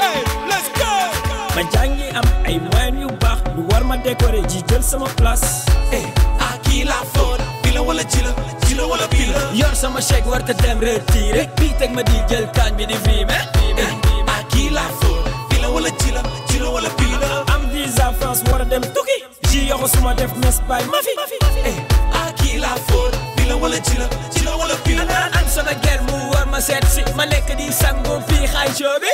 Eh, ma jàngi am ay moyen yu baax lu war ma décorer ji jël sama place. eh ah kii laa foon wala ji la ji la wala bii la. sama chèque war te dem retiré bii teg ma di jël kaañ bi di vimer. eh ah kii laa foon bi wala ji la ji wala bii am visa France war a dem tukki. ji yoxo suma def Nespagne ma fi. Eh, kii laa fóon bi la wala ci la ci la wala fii la am sama ger mu war ma seet si ma nekk di sangu fii xaay show bi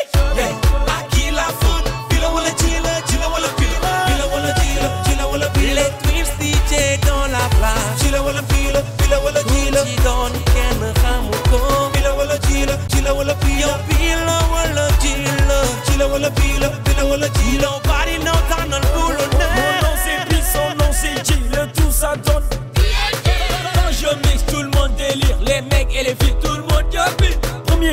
ah kii laa fóon bi la wala ci la ci la wala fii la bi la wala ci la ci la wala fii la les twins DJ dans la place ci la wala fii la bi la wala ci la ci doon kenn xamu ko bi la wala ci la ci la wala fii la yow bi la wala ci la ci la wala fii la bi la wala ci la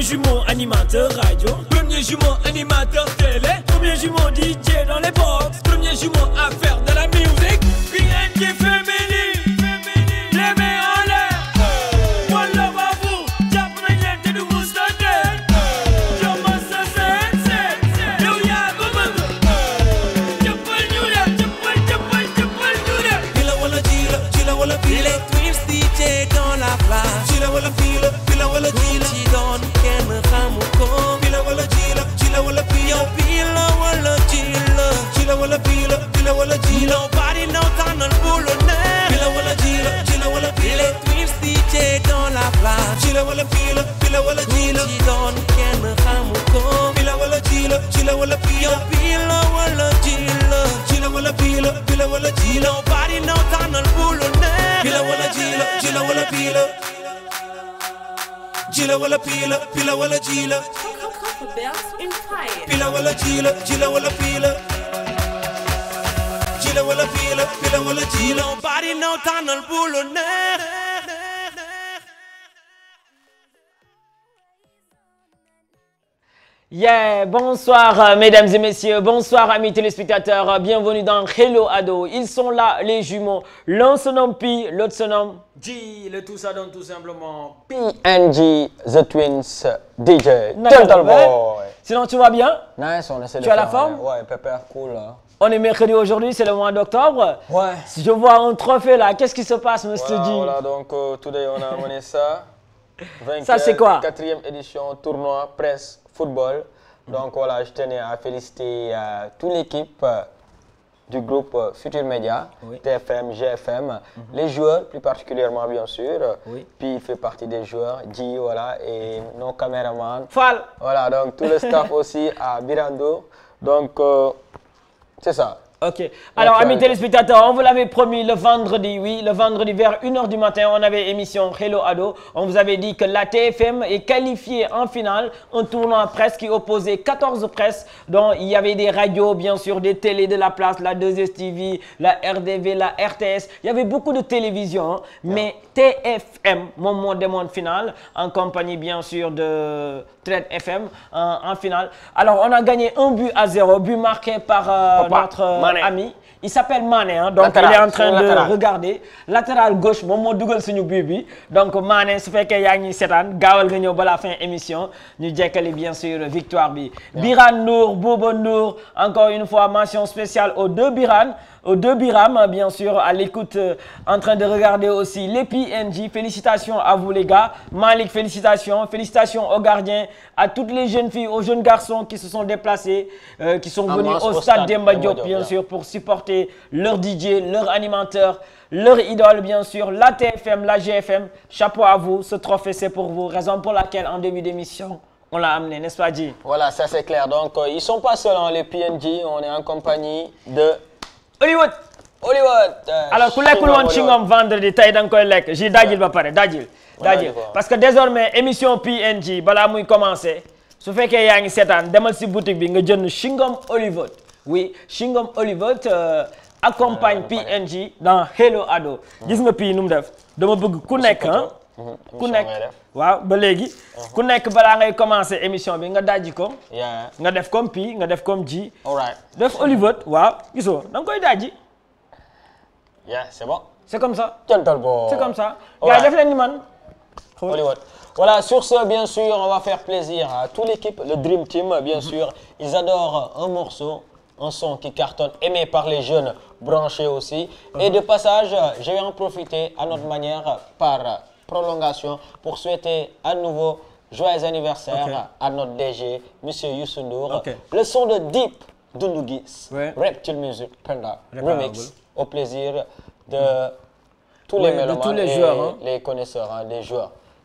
jumeau animateur radio, premier jumeau animateur télé, premier jumeau DJ dans les box, premier jumeau à faire pila wala jila jila wala pila jila wala pila pila wala jila pila wala jila jila wala pila jila wala pila pila wala jila nobody no tunnel bulo nee Yeah, bonsoir euh, mesdames et messieurs, bonsoir amis téléspectateurs, euh, bienvenue dans Hello Ado. Ils sont là les jumeaux, l'un se nomme Pi, l'autre se Twins, DJ, Turtle Sinon tu vas bien? on essaie de Tu as la forme? Ouais, On est mercredi aujourd'hui, c'est le mois d'octobre. Ouais. Je vois un trophée là, qu'est-ce qui se passe monsieur G? Voilà, donc euh, today on a amené ça. Ça c'est quoi? 24e édition tournoi presse football. Donc voilà, je tenais à féliciter euh, toute l'équipe euh, du groupe euh, Média, TFM, GFM, mhm. les joueurs plus particulièrement bien sûr. Puis il fait partie des joueurs, Guy, voilà, et nos caméramans. Fall Voilà, donc tout le staff aussi à Birando. Donc euh, c'est ça. ok alors amis téléspectateurs on vous l'avait promis le vendredi oui le vendredi vers une heure du matin on avait émission Hello Ado on vous avait dit que la TFM est qualifiée en finale un tournoi presse qui opposait 14 presses dont il y avait des radios bien sûr des télés de la place la 2STV la RDV la RTS il y avait beaucoup de télévision mais TFM moom moo demoon finale en compagnie bien sûr de Trade FM euh, en finale alors on a gagné un but à zéro but marqué par euh, notre euh, Mané. ami il s'appelle Mané donc il est en train de regarder latéral gauche moom moo dugal suñu but bi donc Mané su fekkee yaa ngi seetaan gaawal nga ñëw ba la fin émission ñu jekkali bien sûr victoire bi Biran Ndour Bouba Ndour encore une fois mention spéciale aux deux Biran de Biram, bien sûr, à l'écoute, euh, en train de regarder aussi les PNJ. Félicitations à vous, les gars. Malik, félicitations. Félicitations aux gardiens, à toutes les jeunes filles, aux jeunes garçons qui se sont déplacés, euh, qui sont venus au, au stade, d'Emba Diop, bien sûr, pour supporter leur DJ, leur animateur, leur idole, bien sûr, la TFM, la GFM. Chapeau à vous. Ce trophée, c'est pour vous. Raison pour laquelle, en début d'émission, on l'a amené, n'est-ce pas, G Voilà, ça Donc, euh, ils Hollywood Hollywood. alors ku lekkul woon chewing-gum vendredi tey da nga koy lekk ji dajil ba pare dajil. dajil parce que désormais émission n PNG balaa muy commencer su fekkee yaa ngi seetaan demal si boutique bi nga jënd chewing-gum wi oui chewing euh, accompagne Hollywood ah, accompagne PNG dans Hello Ado. gis nga pii nu mu def dama bëgg ku nekk ku nekk waaw ba léegi. Uh-huh. ku nekk balaa ngay commencé émission bi nga dajji ko. nga def comme Pi nga def comme Ji. def Olivet waaw gisoo da koy dajji. yeah c'est bon. c'est comme ça. jantal boo c'est comme ça. gars def leen man. Hollywood. Voilà, sur ce, bien sûr, on va faire plaisir à toute l'équipe, le Dream Team, bien mm-hmm. sûr. Ils adorent un morceau, un son qui cartonne, aimé par les jeunes, branchés aussi. Et mm-hmm. de passage, je en profiter à notre manière par prolongation pour souhaiter à nouveau joyeux anniversaire okay. à notre DG, Monsieur Youssou Le son de Deep Doundou Guiss, Music Penda Remix, au plaisir de tous les mélomanes tous les, joueurs,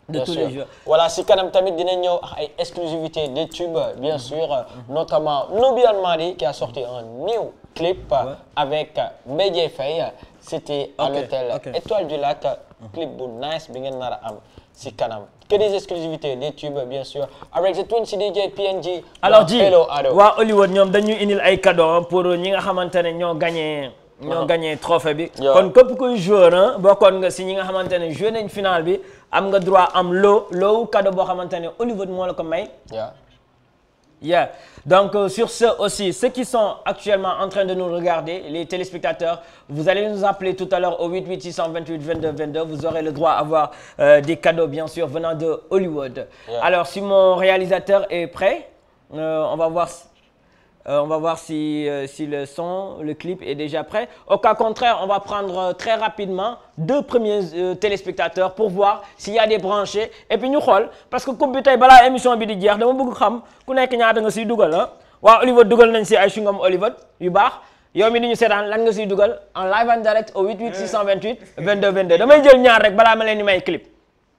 de tous les jours voilà si kanam tamit dina ñëw ah, ay exclusivité des tubes bien mhm. sûr notamment Nubian Mali qui a sorti un new clip avec Mbaye Dièye City à l'hôtel Étoile du Lac clip bu nice bi ngeen nar a am si kanam que des exclusivités des tubes bien sûr avec the Twins DJ PNG alors ji waa Hollywood ñoom dañuy indil ay cadeau pour ñi nga xamante ne ñoo gagné ñoo uh-huh. gagné trophée bi kon képp kuy joueur bokkoon nga si ñi nga xamante ne joué nañ final bi am nga droit am loo loowu cadeau boo xamante ne Hollywood moo la ko may Yeah. Donc euh, sur ce aussi, ceux qui sont actuellement en train de nous regarder, les téléspectateurs, vous allez nous appeler tout à l'heure au 88 628 22 22. Vous aurez le euh, si mon réalisateur est prêt, euh, Euh, on va voir si, euh, si, le son, le clip est déjà prêt. Au cas contraire, on va prendre euh, très rapidement deux premiers euh, téléspectateurs pour voir s'il y a des branchés. Et puis ñu xool parce que coupe bi tey balaa émission bi di jeex dama bëgg xam ku nekk ñaata nga siy dugal ah. waaw Olivet dugal nañ si ay chewing-gum Olivet yu baax yow mi di ñu seetaan lan nga siy dugal en live en direct au 88 628 22 22 damay jël ñaar rek balaa ma leen di may clip.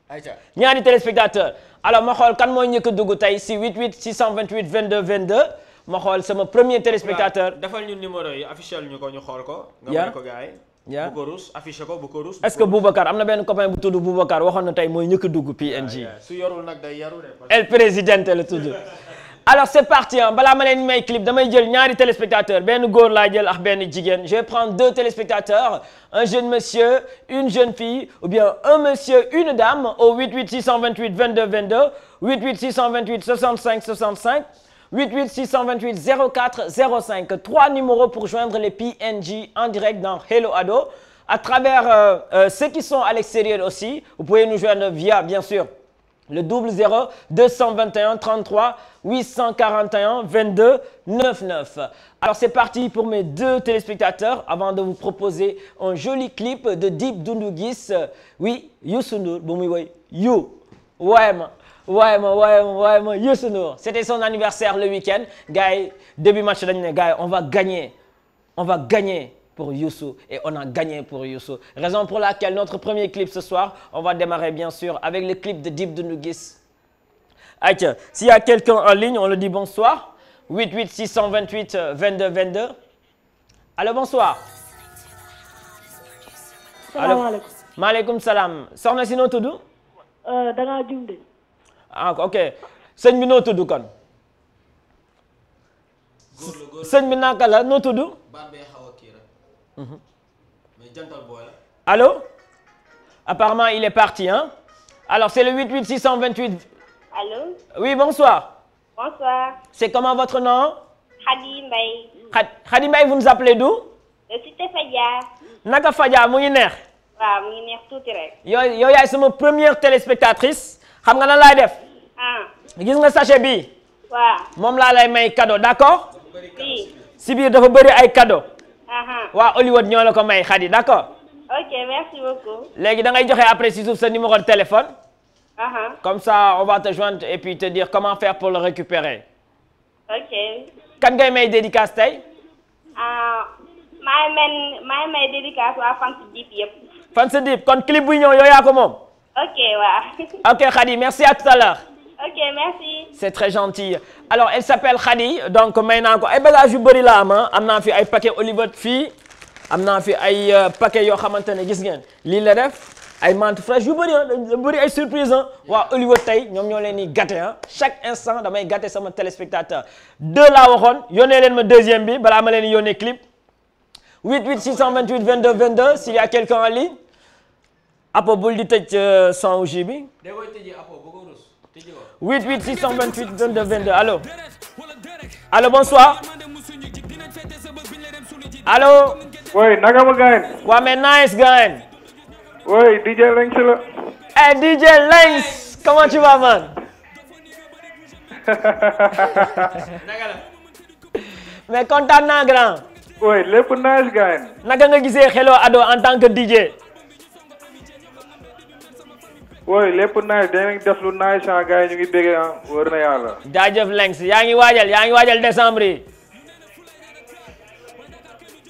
ayca ñaari téléspectateurs alors ma xool kan moo njëkk ma xool sama premier téléspectateur. dafal ñu numéro yi officiel ñu ko ñu xool ko. nga may ko gars yi. yaa bu ko ruus affiché ko bu ko ruus. est-ce que Boubacar am na benn copain bu tudd Boubacar waxoon na tey mooy ñëkk dugg PNG. Ah, su yorul nag day yaru de. El Presidente la tudd. alors c'est parti ah balaa ma leen may clip damay jël ñaari téléspectateurs benn góor laa jël ak benn jigéen je vais prendre deux téléspectateurs un jeune monsieur une jeune fille ou bien un monsieur une dame au 88 628 22 22 88 628 65 65. 88 628 04 05 trois numéros pour joindre les PNJ en direct dans Hello Ado à travers euh, euh, ceux qui sont à l'extérieur aussi vous pouvez nous joindre via bien sûr le double 0 221 33 841 22 99 alors parti pour mes deux téléspectateurs avant de vous proposer de Dip Doundou Guiss euh, oui muy woy waaye ma waaye ma waaye ma Youssou Ndour c'était son anniversaire le week-end gars yi début match dañu ne on va gagner on va gagner pour Youssou et on a gagné pour Youssou raison pour laquelle notre premier clip ce soir on va démarrer bien sûr avec le clip de Dip Doundou Guiss ayca s'il y a quelqu'un en ligne on le dit bonsoir 88 bonsoir. salaamaaleykum salaam soxna si noo tudd. Euh, da ah ok sëñ bi noo tudd kon. sëñ bi naka la noo tudd. Mhm. il est parti hein. alors c'est le 88 628. allo. oui bonsoir. bonsoir. c'est comment votre nom. Khady Mbaye. Khady Mbaye vous nous appelez d'où. Cité Fadia. naka Fadia mu ngi neex. waaw mu ngi neex tuuti rek. yow yow yaay première téléspectatrice. xam nga nan laay def. Ah. gis nga sachet bii. waaw moom laa lay may cadeau d'accord. si biir dafa bëri ay kado waa Hollywood ñoo la ko may Khady d'accord. ok merci beaucoup. léegi da ngay joxe après si suuf sa numéro de téléphone. comme ça on va te joindre et puis te dire comment faire pour le récupérer. ok. kan ngay may dédicace tey. Ah, maa ngi may maa ngi may dédicace waa Fans Deep yëpp. Fans Deep kon clip bu ñëw yow yaa ko moom. Ok, ouais. Ok, Khadi, merci à tout à l'heure. ok merci. c'est très gentil alors elle s'appelle Khady donc may naa ko ay bagages yu bëri la am ah. am naa fi ay paquet Oliver fii am naa fi ay euh, paquet yoo xamante ne gis ngeen lii la def ay menthe fraîche yu bëri ah bëri ay surprise ah waa Oliver tey ñoom ñoo leen di gâté ah chaque instant damay gâté sama téléspectateur de laa waxoon yónnee leen ma deuxième bi balaa ma leen di yónnee clip 88 628 22 22 s'il y Apo bul di tëj son wu ji bi. huit huit six cent vingt huit vingt deux vingt deux allo. allo bonsoir. allo. oui naka ma gaañ. waa mais nice gaañ. oui DJ Lengs la. eh DJ Lengs comment tu vas man. mais kontaan naa grand. oui lépp nice gaañ. naka nga gisee Hello Ado en tant que DJ. wooy lépp naaj dinañ def lu naaj ah, sans gars yi ñu ngi déggee ah, na yàlla. jaajëf Lengs yaa ngi waajal yaa ngi waajal décembre yi.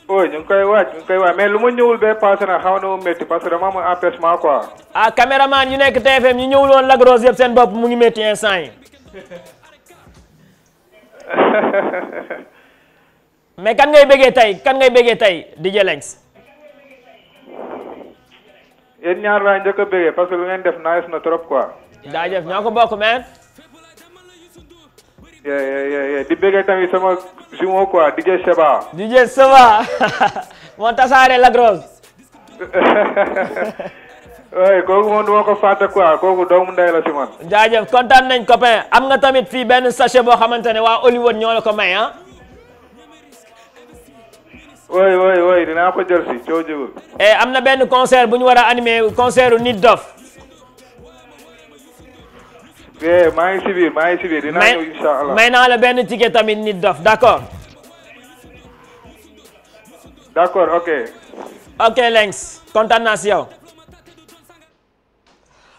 oui ñu ngi koy waaj ñu ngi koy waaj mais lu ma ñëwul bee passé na xaw na mu métti parce que dama am empêchement quoi. ah caméraman yu nekk TFM ñu ñëwul woon Lac seen bopp mu ngi métti instant yi. mais kan ngay bëggee tey kan ngay bëggee tey DJ Lengs. yéen ñaar laa njëkk a bëggee parce que lu ngeen na trop quoi. jaajëf ñoo ko bokk man. di bëggee tamit sama jumeau quoi DJ Seba. DJ Seba moo tasaare la grosse. oui kooku moom du ma ko fàtte quoi kooku doomu ndey la si man. jaajëf kontaan nañ copain am nga tamit fii benn sachet boo xamante ne waa Hollywood ñoo ko may ah. oui oui oui dinaa ko jël si coo jëgul. Eh, am na benn concert bu ñu war a animé concert nit dof. oui eh, maa la benn ticket tamit nit dof d' accord. d' accord ok. ok Lenx kontaan naa si yow.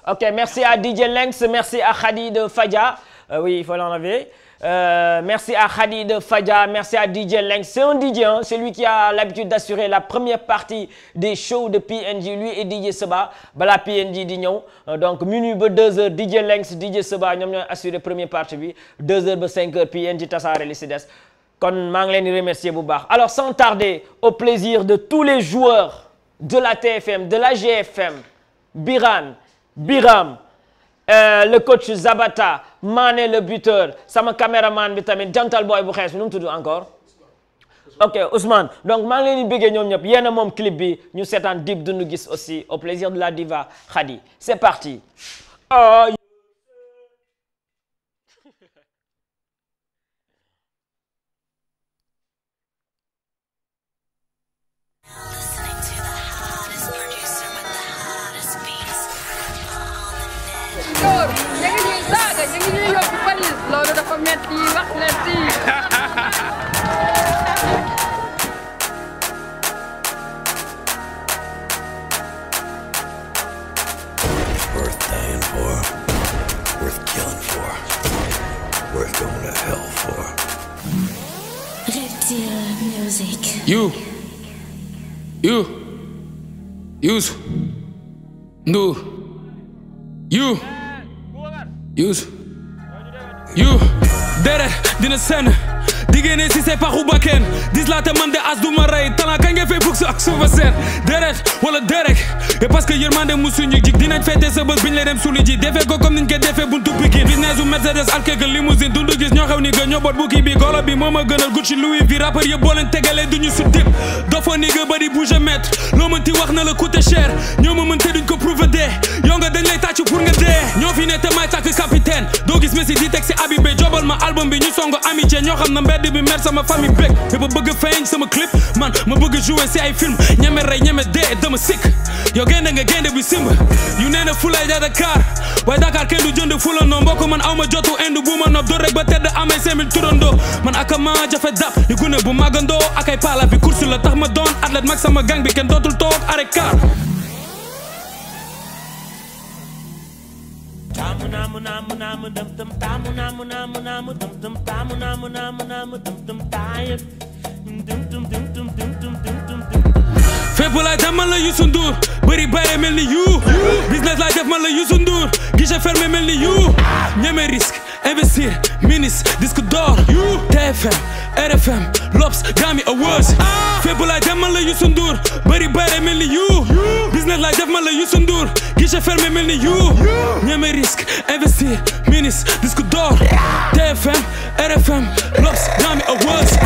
ok merci à DJ Lenx merci à Khady de Fadia euh, Euh, merci à Khalid Fadja, merci à DJ Lenk. C'est un DJ, hein, c'est lui qui a l'habitude d'assurer la première partie des shows de PNJ, lui et DJ Seba. Bala PNJ di ñëw euh, donc minuit ba 2 heures DJ Lenk, DJ Seba ñoom ñooy assurer première partie bi 2 heures ba 5 heures PNJ tasaare li si des kon maa ngi leen di remercier bu baax. Alors sans tarder, au plaisir de tous les joueurs de la TFM, de la GFM, Biran, Biram. Euh, le coach Zabata Mané le buteur sama maan bi tamit jantal boy bu xees bi nu mu tudd encore ok Ousmane donc maa ngi leen di béggee ñoom ñëpp yéen moom clip bi ñu seetaan Dip Doundou gis aussi au plaisir de la diva Khady c'est parti. Oh, sa bés biñ lay dem buntu Pikine business bu Mercedes alkeke limousine dundu gis ni gën ñoo boot bukki bi golo bi moom a gënal Gucci Louis bi rappeur yëpp boo leen duñu su dip dofoo ni nga bëri bouge mètre loo mënti wax na la coûté cher ñoo ma mën duñ ko prouver dee yow nga lay tàcc pour nga dee ñoo ne te may tàkk capitaine doo Messi di teg si Habibé defal ma album bi ñu songo amitié ñoo xam na mbedd bi mer sama famille bég ñëpp a bëgg a feeñ sama clip man ma bëgg a jouer si ay film ñeme rey ñeme dee dama sikk yow gaynde nga gaynde bi simb yu nee na fulay ja Dakar waaye Dakar kenn du jënd fula no mbokk man aw ma jotu indi bu ma nob do rek ba tedd amay semil do man ak ma jafe dab yu gune bu màggandoo ak ay paala bi course la tax ma doon athlète mag sama gang bi kenn dootul toog arrêt car Tamu namu namu namu dum dum tamu namu namu namu dum dum tamu namu namu namu dum dum taayam dum dum dum dum dum dum dum dum dum fépp laay dem man la Youssou Ndour bëri bare mel ni you business laay def man la Youssou Ndour guichet fermé mel ni you ñeme risque investir ministre disque d'or TFM RFM Lobs Grammy Awards fépp laay def man la Youssou Ndour bëri bëre mel ni you business laay def man la Youssou Ndour guichet fermé mel ni you ñeme risque investir ministre disque d'or TFM RFM Lobs Grammy Awards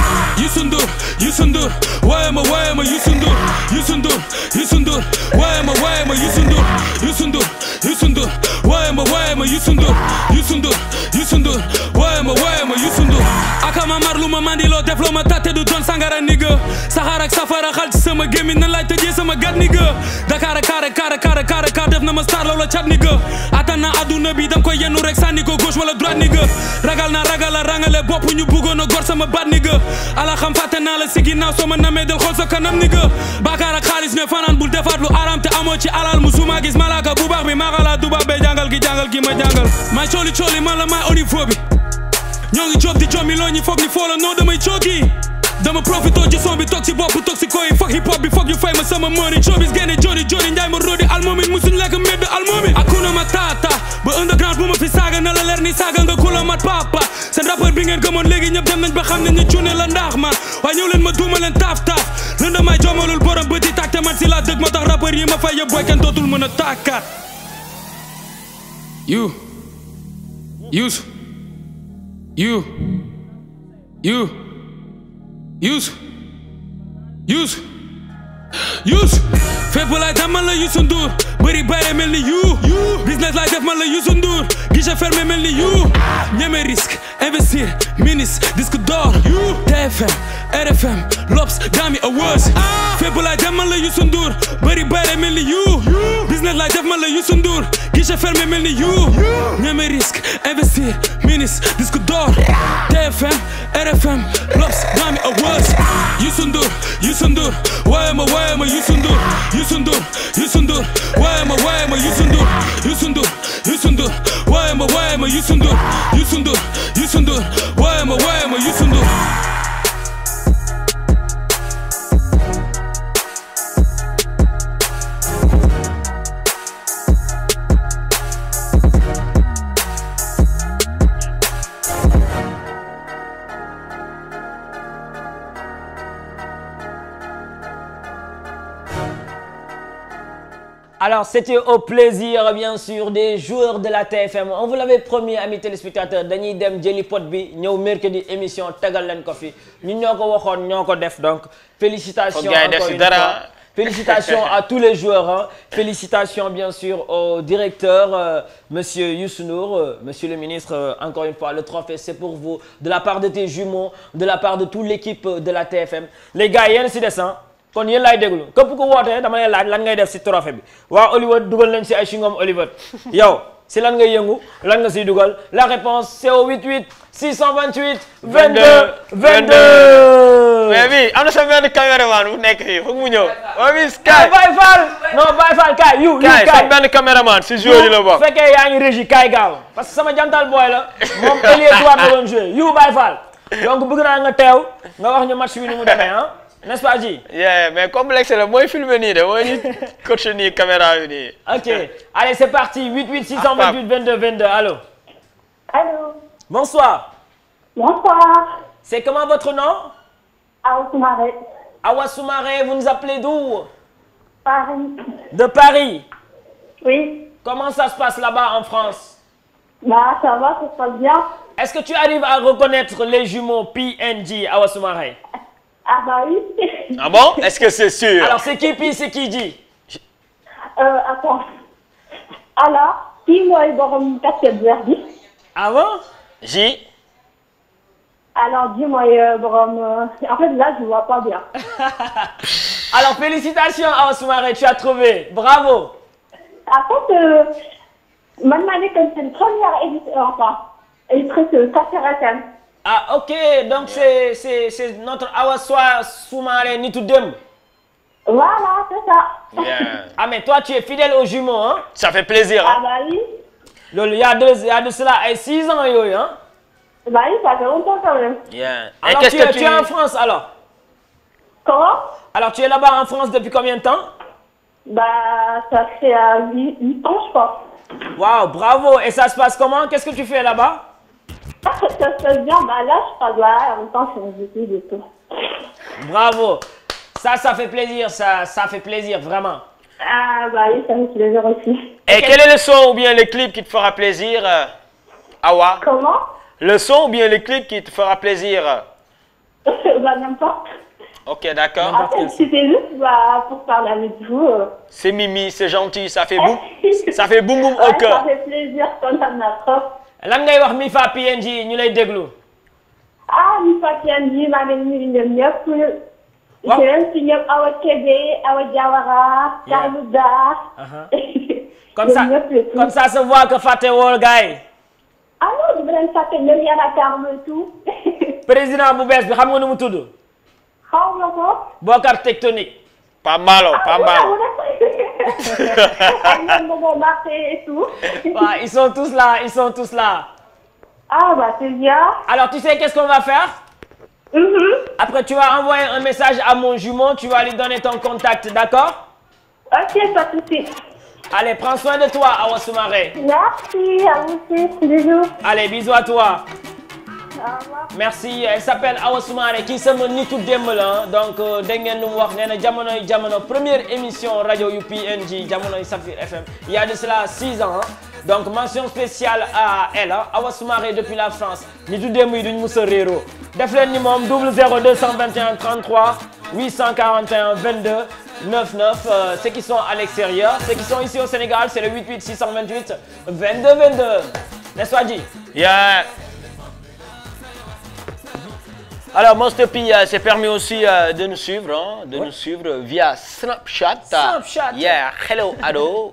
Youssou Ndour Youssou Ndour waaye ma waaye ma Youssou Ndour Youssou Ndour Youssou Ndour waaye ma waaye ma Youssou Ndour Youssou Ndour Youssou Ndour waaye ma waaye ma Youssou Ndour Youssou Ndour Youssou Ndour wooye ma wooye ma Youssou Ndour aka ma mar lu ma mandiloo def loo ma tat kara nigga saxaar ak safara xal ci sama gémmiñ nan laay tëjee sama gat nigga Dakar ak kaara kaara kaara kaara kaar def na ma star loola cat nigga attan na adduna bi danga koy yennu rek sànni ko gauche wala droite nigga ragal na ragal a rangale bopp ñu bëggoon a gor sama baat nigga ala xam fàtte naa la si ginnaaw soo ma namee del xool sa kanam nigga baakaar ak xaalis ne fanaan bul defaat lu araam te amoo ci alal musuma gis malaaka bu baax bi maaxalaa dubaab bee jàngal gi jàngal gi ma jàngal may cooli cooli man la may onifo bi ñoo ngi joob di joomi loo ñi foog ni foo la noo damay cooki dama profitoo ci son bi toog ci bopp toxico yi foog hip hop bi foog ñu fay ma sama money showbiz génne jori jori njaay ma rodi almoomin musuñ lekk mbedd almoomin akuna ma tata ba underground bu fi saaga na la leer ni saaga nga kula mat papa seen rappeur bi ngeen gëmoon léegi ñëpp dem nañ ba xam ne ñu cune la ndax ma waaye ñëw leen ma duuma leen taaf taaf lan damay joomalul borom bëti tàkk man si laa ma tax rappeur yi ma fay yëpp booy kenn dootul mën a tàkkaat Youssou Youssou Youssou fépp laay dem man la Youssou Ndour bëri bàyyi mel ni you business laay def man la Youssou Ndour guichet fermé mel ni you ñeme investir ministre disque d'or TFM RFM L'Obs Grammy Awards fépp laay def man la Youssou Ndour bëri bëre mel ni you business laay def man la Youssou Ndour guichet fermé mel ni you ñeme risque investir ministre disque d'or TFM RFM L'Obs Grammy Awards Youssou Ndour Youssou Ndour waaye ma waaye ma Youssou Ndour Youssou Ndour Youssou Ndour waaye ma waaye ma Youssou Ndour Youssou Ndour Youssou Ndour waaye ma waaye ma Youssou Ndour Youssou Ndour Youssou Ndour wooye ma wooye ma Youssou Ndour Alors, c'était au plaisir bien sûr des joueurs de la TFM on vous l'avait promis amis téléspectateurs dañuy dem jëli pot bi ñëw mercredi émission tagal leen ko fi ñun ñoo ko waxoon ñoo ko def donc félicitations encore une fois à tous les joueurs hein. félicitations bien sûr au directeur euh, monsieur Youssou Ndour euh, monsieur le ministre euh, encore une fois le trophée c'est pour vous de la part de tes jumeaux de la part de toute l'équipe euh, de la TFM les gars yéen si kon yéen laay déglu képp ku wootee dama laaj lan ngay def si trophée bi waa Hollywood dugal nañ si ay chingom Hollywood yow si lan ngay yëngu lan nga siy dugal la réponse c'est au 88 628 22 22 mais bi am na sa benn caméraman bu nekk fii foog mu ñëw waa bi kay Baye Fall non Baye Fall kay yu yu kay sa benn caméraman si joueur yi la bokk fekkee yaa ngi régie kay gaaw parce que sama jantal booy la moom ailier droit la doon joué yu bëgg naa nga teew nga wax ñu bi ni n'est-ce pas Ji. yeah mais complexe la mooy filmer nii de mooy ñu coach nii caméra bi nii. ok allez c'est parti 88 628 22 22 allô. allô. bonsoir. bonsoir. c'est comment votre nom. Awa Soumaré. Awa Soumaré vous nous appelez d'où. de Paris. oui. comment ça se passe là en France. bah ça va ça se passe bien. est-ce que tu arrives à reconnaître les jumeaux Ah, ah bon? Est-ce que c'est sûr? Alors c'est qui pii c'est qui ji? Alors kii mooy borom casquette vert bi. ah bon? alors ji mooy borom en là je vois pas bien. alors félicitations Awa Soumaré tu as trouvé bravo. en fait man maa nekk seen première émission enfin émission Café Ratal. ah ok donc c'est c'est c'est notre Awa Soumaré nitu démb. voilà c'est ça. bien. ah mais toi tu es fidèle aux jumeaux hein. ça fait plaisir hein. Ah, y a de y a de cela ay six ans yooyu hein. bah oui ça fait longtemps quand même. bien et alors, qu'est-ce tu, que tu es en France alors. comment. alors tu es là-bas en euh, bravo et ça se passe comment qu'est-ce que tu fais Ah, ça se passe bien. Bah là, je parle en même temps, je suis études tout. Bravo. Ça, ça fait plaisir. vraiment. Ah, bah oui, ça plaisir aussi. Et quel est le ou bien le clip qui te fera plaisir, euh, Awa Comment Le ou bien le clip qui te fera plaisir Bah, n'importe. Ok, d'accord. Après, c'était juste pour parler avec vous. Euh. C'est Mimi, c'est gentil, ça fait boum. ça Ça fait plaisir quand on a lan ngay wax mi fa PNG ñu lay déglu. ah mi fa PNG maa ngi nuyu ñoom ñëpp. waaw jërëjëf si ñoom Awa Kébé Awa Diawara. Kaalu Dar. Uh-huh. comme ça comme ça se voit que fàtte wool gars yi. ah non du ma leen fàtte ñoom Yarakar mooy tout. président bu bees bi xam nga nu mu tudd. xaw ma ko. Bokar Tectonique. Pambalo ah, ak ñoom Bobo tous là ils sont tous là. ah bah c'est bien. alors tu sais va faire. Mm -hmm. après tu vas envoyer un message à mon jumeau tu ton contact d'accord. ok pas de de toi Awa Soumaré. merci à vous aussi bisous. allez merci elle s'appelle Awa Soumaré kii sama nitu démb la donc euh, dégg ngeen lu mu wax nee na jamonoy jamono première émission rajo yu PNG jamonoy Safir FM il y a de cela 6 ans donc mention spéciale à elle Awa Soumaré depuis la France nitu démb yi duñ mës a réeroo def leen ni moom double 0 221 33 841 22 99 euh, ceux qui sont à l'extérieur ceux qui sont ici au Sénégal c'est le 88 628 22 22 n'est-ce pas Alors, Monster P euh, s'est permis aussi euh, de nous suivre, hein, de ouais. nous suivre via Snapchat. Snapchat. Yeah, hello, hello.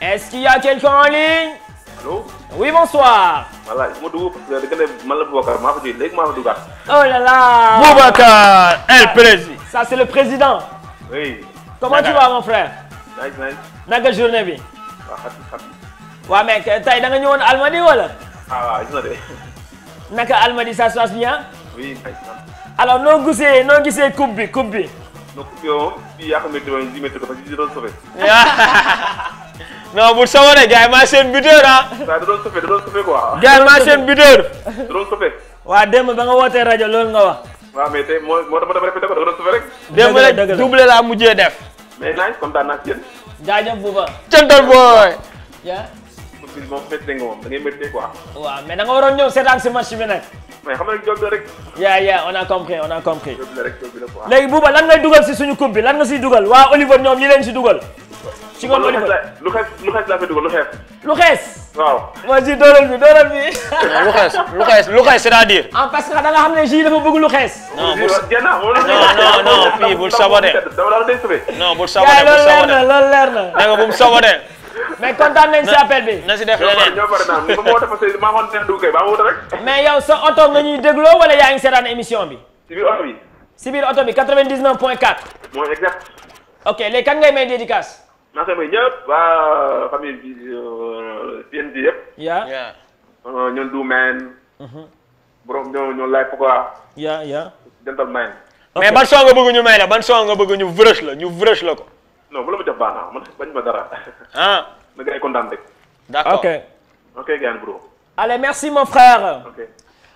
est-ce qu'il y a quelqu'un en ligne. allo. oui bonsoir. voilà la Boubacar El Prési. ça c'est le président. oui. comment Naga. tu vas mon frère. naaj naaj. naka journée bi. waaw xati xati. waaw mais tey da nga ñëwoon Almadies wala. ah gis na de. naka se passe bien. oui. alors noo gisee noo gisee coupe bi coupe bi. non bu sama de gars yi maa seen buteur ah. da doon sëfe da doon sëfe quoi. maa seen buteur. da doon sëfe. waa démb ba nga wootee rajo loolu nga wax. waaw mais tey moo moo dama répété ko da doon laa mujjee def. mais naaj kontaan naa ci yéen. jaajëf bu ba. cëntal booy. yaa. moom da ngay métti quoi. waaw mais da nga waroon ñëw seetaan si match bi nag. mais xam nga jóg la rek. yaa la lan ngay dugal si suñu coupe bi lan nga siy dugal waa Oliver ñoom ñi leen si dugal ci nga lu xees lu xees laa fi dugal lu dire ah parce que da nga xam ne jii dafa bëgg lu xees. non non non non bul sabote bul sabote loolu leer na loolu leer na. ne ko bu mu sabote. mais kontaan nañ si appel bi. na si def leneen mais yow sa oto nga ñuy dégloo wala yaa ngi seetaan émission bi. si biir oto bi. si biir oto bi 99 point 4. mooy naka mooy ñëpp waa famille bi euh, PND yëpp. yaa yaa. Euh, ñoom Doumène. Mhm. borom ñoo ñoo laaj pourquoi. yaa yaa. gentleman. mais ban son nga bëgg ñu may la ban son nga bëgg ñu vërës la ñu vërës la ko. non bu la ma jox baax naa man bañ ma dara. ah. na gars yi kontaan rek. d'accord ok. ok gars bro. allez merci mon frère. ok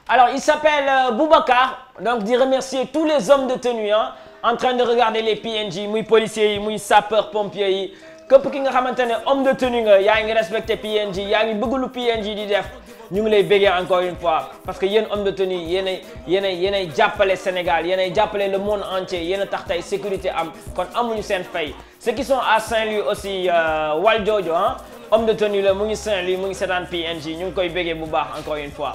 alors il s'appelle euh, Boubacar donc di remercier tous les hommes de tenue hein. en train de regarder les PNJ muy policiers yi muy sapeur pompier yi képp ki nga xamante ne homme de tenue nga yaa ngi respecté PNJ yaa ngi bëgg lu di def ñu ngi lay béggee encore une fois parce que yen homme de tenue yéen ay yen yen yéen ay jàppale Sénégal yéen ay jàppale le monde entier yéen a tax tey sécurité am kon amuñu seen fay ceux qui sont à Saint-Louis aussi euh, Waljojo ah homme de tenue la mu ngi Saint-Louis mu ngi seetaan PNJ ñu ngi koy béggee bu baax encore une fois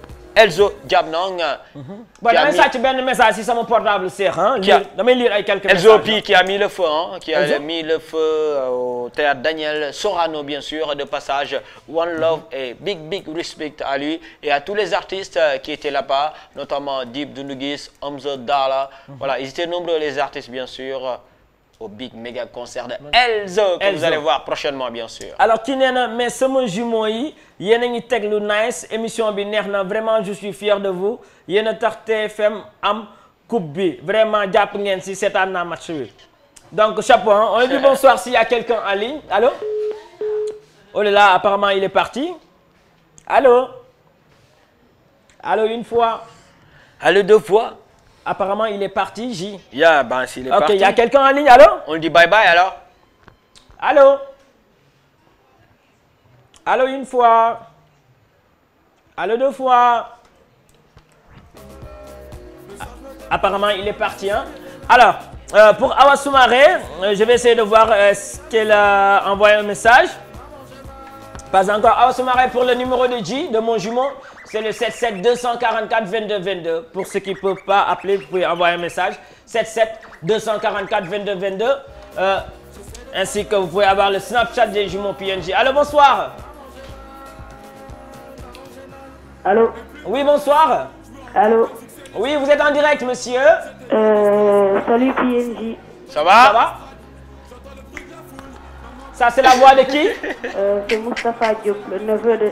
Elzo Jamnong. bon damay benn message si sama portable seex ah. lire damay lire ay quelques messages. Elzo P qui a mis le feu ah. qui a euh, au théâtre Daniel Sorano bien sûr de passage one love mhm. et big big respect à lui et à tous les artistes euh, qui étaient là-bas notamment Dip Doundou Guiss Omzo mhm. voilà ils étaient artistes bien sûr. au big méga concert de Elzo que vous allez voir prochainement bien sûr. alors ki nee na mais sama jumeau yi yéen a ngi teg lu nice émission bi neex na vraiment je suis fier de vous yéen a tax TFM am coupe bi vraiment jàpp ngeen si seetaan ana match bi donc chapeau hein? on lui dit bonsoir s'il y a quelqu'un en ligne allô. oh il est parti allô allô une fois allô deux fois. Apparemment, il est parti, J. Yeah, ben, s'il est okay, parti. Ok, il y a quelqu'un en ligne, allô On dit bye-bye, alors Allô Allô une fois Allô deux fois Apparemment, il est parti, hein Alors, euh, pour Awa Soumaré, euh, je vais essayer de voir euh, ce qu'elle a envoyé un message. Pas encore. Awa Soumaré pour le numéro de J, de mon jumeau. c'est le 77 244 22 22 pour ceux qui peuvent pas appeler vous pouvez envoyer un message 77 244 22 22 euh, ainsi que vous pouvez avoir le Snapchat des jumeaux PNJ allô bonsoir oui bonsoir oui vous êtes en direct monsieur euh, salut ça c'est la voix de qui euh, c'est Moustapha Diop le neveu de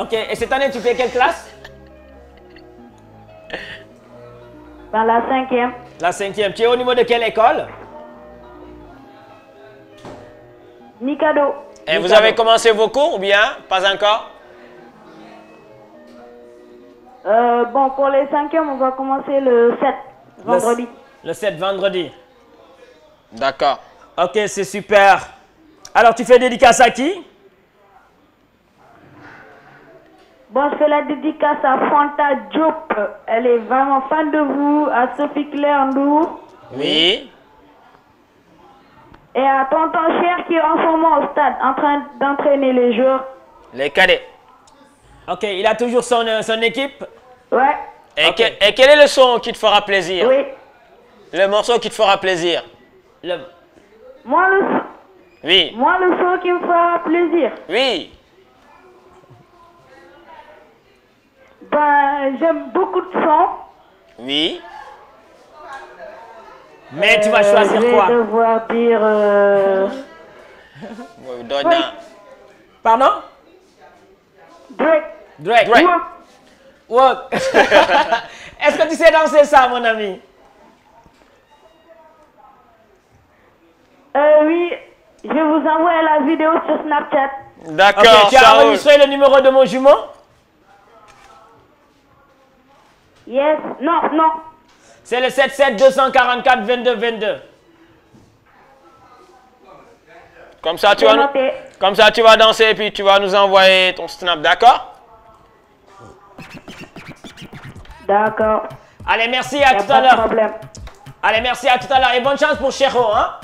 Ok, et cette année, tu fais quelle classe Dans la cinquième. La cinquième. Tu es au niveau de quelle école Mikado. Et vous avez commencé vos cours ou pas encore euh, Bon, pour les cinquièmes, on va commencer le 7 vendredi. Le, le 7 vendredi. D'accord. c'est super. Alors, tu fais dédicace à qui Bon, je la dédicace à Fanta Diop. Elle est vraiment fan de vous. À Sophie Claire Ndour. Oui. Et à Tonton Cher qui est en au stade en train d'entraîner les joueurs. Les cadets. il a toujours son, euh, équipe Et, quel est le qui te fera plaisir Le morceau qui te fera plaisir Oui. Moi, le qui me fera plaisir. Oui. Ben, j'aime beaucoup de sons. Oui. Mais euh, tu vas choisir euh, quoi Je vais devoir dire. Euh... Donna. Drake. mon ami euh, je vous envoie la vidéo sur Snapchat. D'accord. Okay, tu as de mon jumeau Yes, non, non. C'est le 77 244 cent 22. Comme ça, tu vas, noté. comme ça, tu vas danser et tu vas nous envoyer ton snap, d'accord D'accord. merci à tout à l'heure. Allez, merci à tout à l'heure et bonne chance pour Cheikho, hein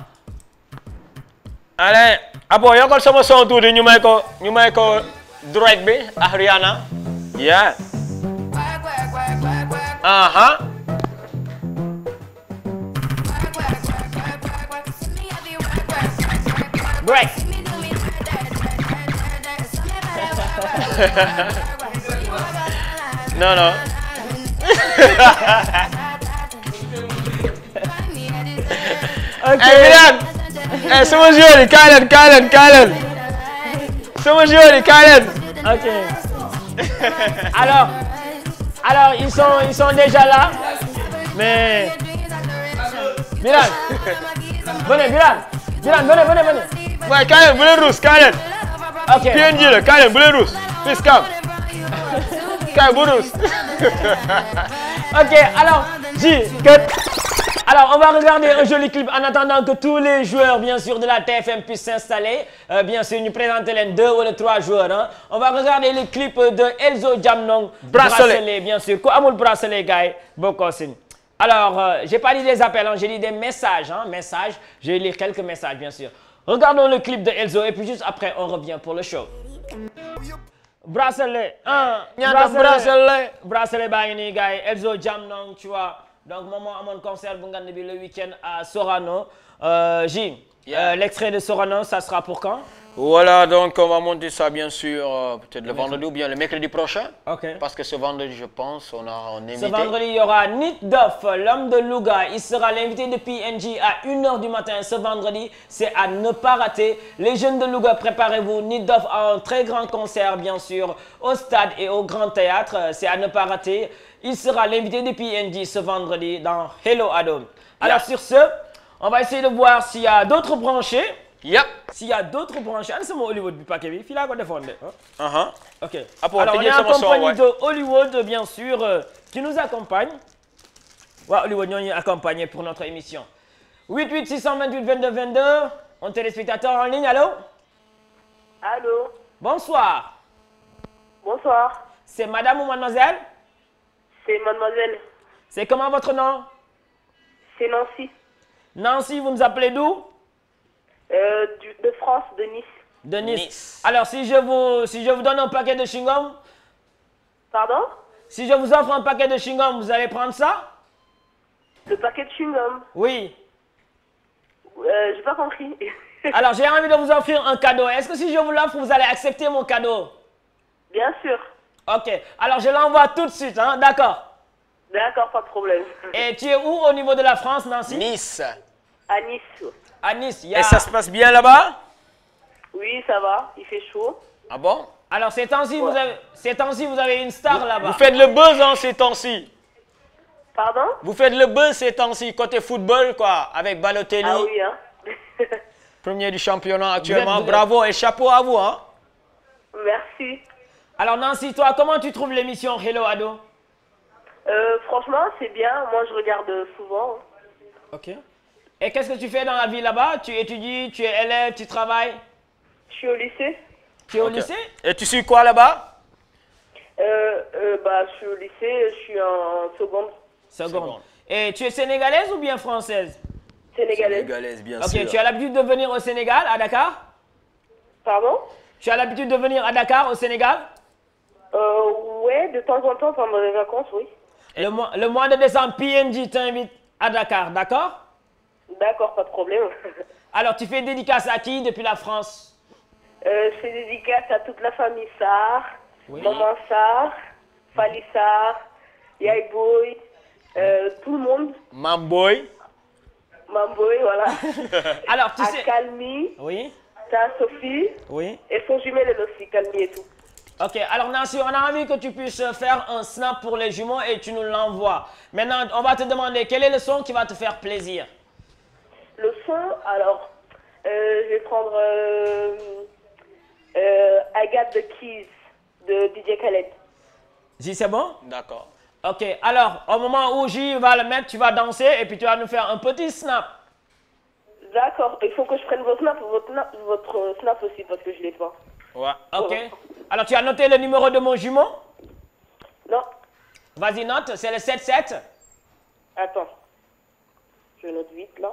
Allez, abo ah yokkal sama son tuuti ñu may ko ñu Ajá. Break. No, no. ok Birane. eh sama joueur yi kaay leen kaay leen kaay leen. sama joueur yi kaay leen. ok alors. Alors, ils sont, ils sont déjà là. Mais. Bilal. Venez, Bilal. Bilal, venez, venez, venez. Ouais, Karen, venez rousse, Karen. Ok. PNG, là, Karen, venez rousse. Please come. Karen, venez rousse. ok, alors, J, 4. alors on va regarder un joli clip en attendant que tous les joueurs bien sûr de la TFM puissent s'installer euh, bien sûr ñu présenter leen deux wala trois joueurs on va regarder le clip de Jamnong bracelet. bien sûr ku amul bracelet gars alors euh, j'ai pas dit des appels j'ai dit des messages hein messages quelques messages bien sûr regardons le clip de et puis juste après on revient pour le show bracelet hein bracelet Elzo Jamnong tu donc moom moo amoon concert bu ngand bi le week-end à Sorano euh, J. Euh, l'extrait de Sorano ça sera pour quand. Voilà, donc on va monter ça bien sûr, euh, peut-être le, vendredi ou bien le mercredi prochain. Parce que ce vendredi, je pense, Ce vendredi, il y aura Nit Duff, l'homme de Louga. Il sera l'invité de PNG à 1h du matin. Ce vendredi, c'est à ne pas rater. Les jeunes de Louga, préparez-vous. Nit Duff un très grand concert, bien sûr, au stade et au grand théâtre. C'est à ne pas rater. Il sera l'invité de PNG ce vendredi dans Hello Adom. Alors sur ce, on va essayer yëpp s'il y a d'autres branches ana ah, sama Hollywood bi paquet bi fii laa ko defoon de. ok Apo alors on est en compagnie de Hollywood bien sûr euh, qui nous accompagne waaw Hollywood ñoo ñuy accompagner pour notre émission 88 628 22 22 on téléspectateur en ligne allô. allô. bonsoir. bonsoir. c'est madame ou mademoiselle. c'est mademoiselle. c'est comment votre nom. c'est Nancy. Nancy vous nous appelez d'où. Euh, du, de France, de Nice. De nice. Alors, si je, vous, donne un paquet de chewing Pardon Si je vous offre un paquet de chewing vous allez prendre ça Le paquet de chewing Oui. Euh, j'ai pas compris. Alors, j'ai envie de vous offrir un cadeau. Est-ce que si je vous l'offre, vous allez accepter mon cadeau Bien sûr. Ok. Alors, je l'envoie tout de suite, d'accord pas de problème. Et tu es où au niveau de la France, Nancy À Nice. À Nice, il y a... Et ça se passe bien là-bas Oui, ça va, il fait chaud. Ah temps-ci, vous, avez... une star là-bas. Vous faites le buzz hein, ces temps-ci. Pardon le football quoi, avec Balotelli. Ah Premier du championnat actuellement. Bravo et à vous. Alors Nancy, toi, comment tu trouves l'émission Hello Ado euh, Franchement, c'est bien. Moi, je regarde souvent. Ok. Et qu'est-ce que tu fais dans la vie là-bas? Tu étudies, tu es élève, tu travailles? Je suis au lycée. Tu es au lycée? Et tu suis quoi là-bas? Euh, euh au lycée, Et tu es sénégalaise ou bien française? Sénégalaise. Sénégalaise, bien sûr. OK, tu as l'habitude de venir au Sénégal, à Dakar? Tu as l'habitude de venir à Dakar, au Sénégal? Euh, de temps en temps pendant les vacances, oui. le mois, le mois de décembre, PNJ t'invite à Dakar, d'accord? D'accord, pas de problème. Alors, tu fais une dédicace à qui la France euh, Je fais dédicace à toute la famille Sarr, oui. Maman Sarr, Fali Sarr, Yai Boy, euh, tout le monde. Mamboy. Mamboy, voilà. Alors, tu à sais... Calmi, oui. ta Sophie, oui. et son jumelle aussi, Calmi et tout. Ok, alors Nancy, on a envie que tu puisses faire un snap pour les jumeaux et tu nous l'envoies. Maintenant, on va te demander quel est le son qui va te faire plaisir. Le son, alors, euh, je vais prendre euh, euh, de DJ Khaled. Si bon? D'accord. OK. Alors, au moment où J va le mettre, tu vas danser et tu vas nous faire un petit snap. D'accord. Il faut que je prenne vos snaps, votre, snap aussi parce que je l'ai pas. Ouais. Alors, tu as noté le numéro de mon jumeau? Non. Vas-y, note. C'est le 77. Attends. Je note 8 là.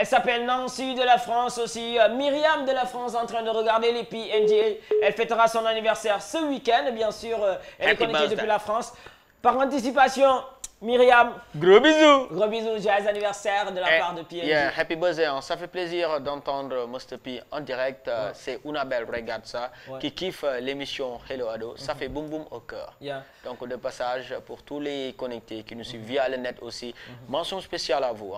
Elle s'appelle Nancy de la France aussi. Euh, Myriam de la France en train de regarder les PNGA. Elle fêtera son anniversaire ce week-end, bien sûr. Euh, elle Happy est connectée birthday. depuis la France. Par anticipation, Myriam. Gros bisous. Gros bisous. Joyeux anniversaire de la Et, eh, part de P&G. Yeah, happy birthday. Ça fait plaisir d'entendre euh, Mr. en direct. Euh, c'est Unabel, regarde ça, qui kiffe euh, l'émission Hello Ado. Ça mm -hmm. fait au cœur. Yeah. Donc, de passage, pour tous les connectés qui nous suivent mhm. via le net aussi, mm -hmm. mention spéciale à vous.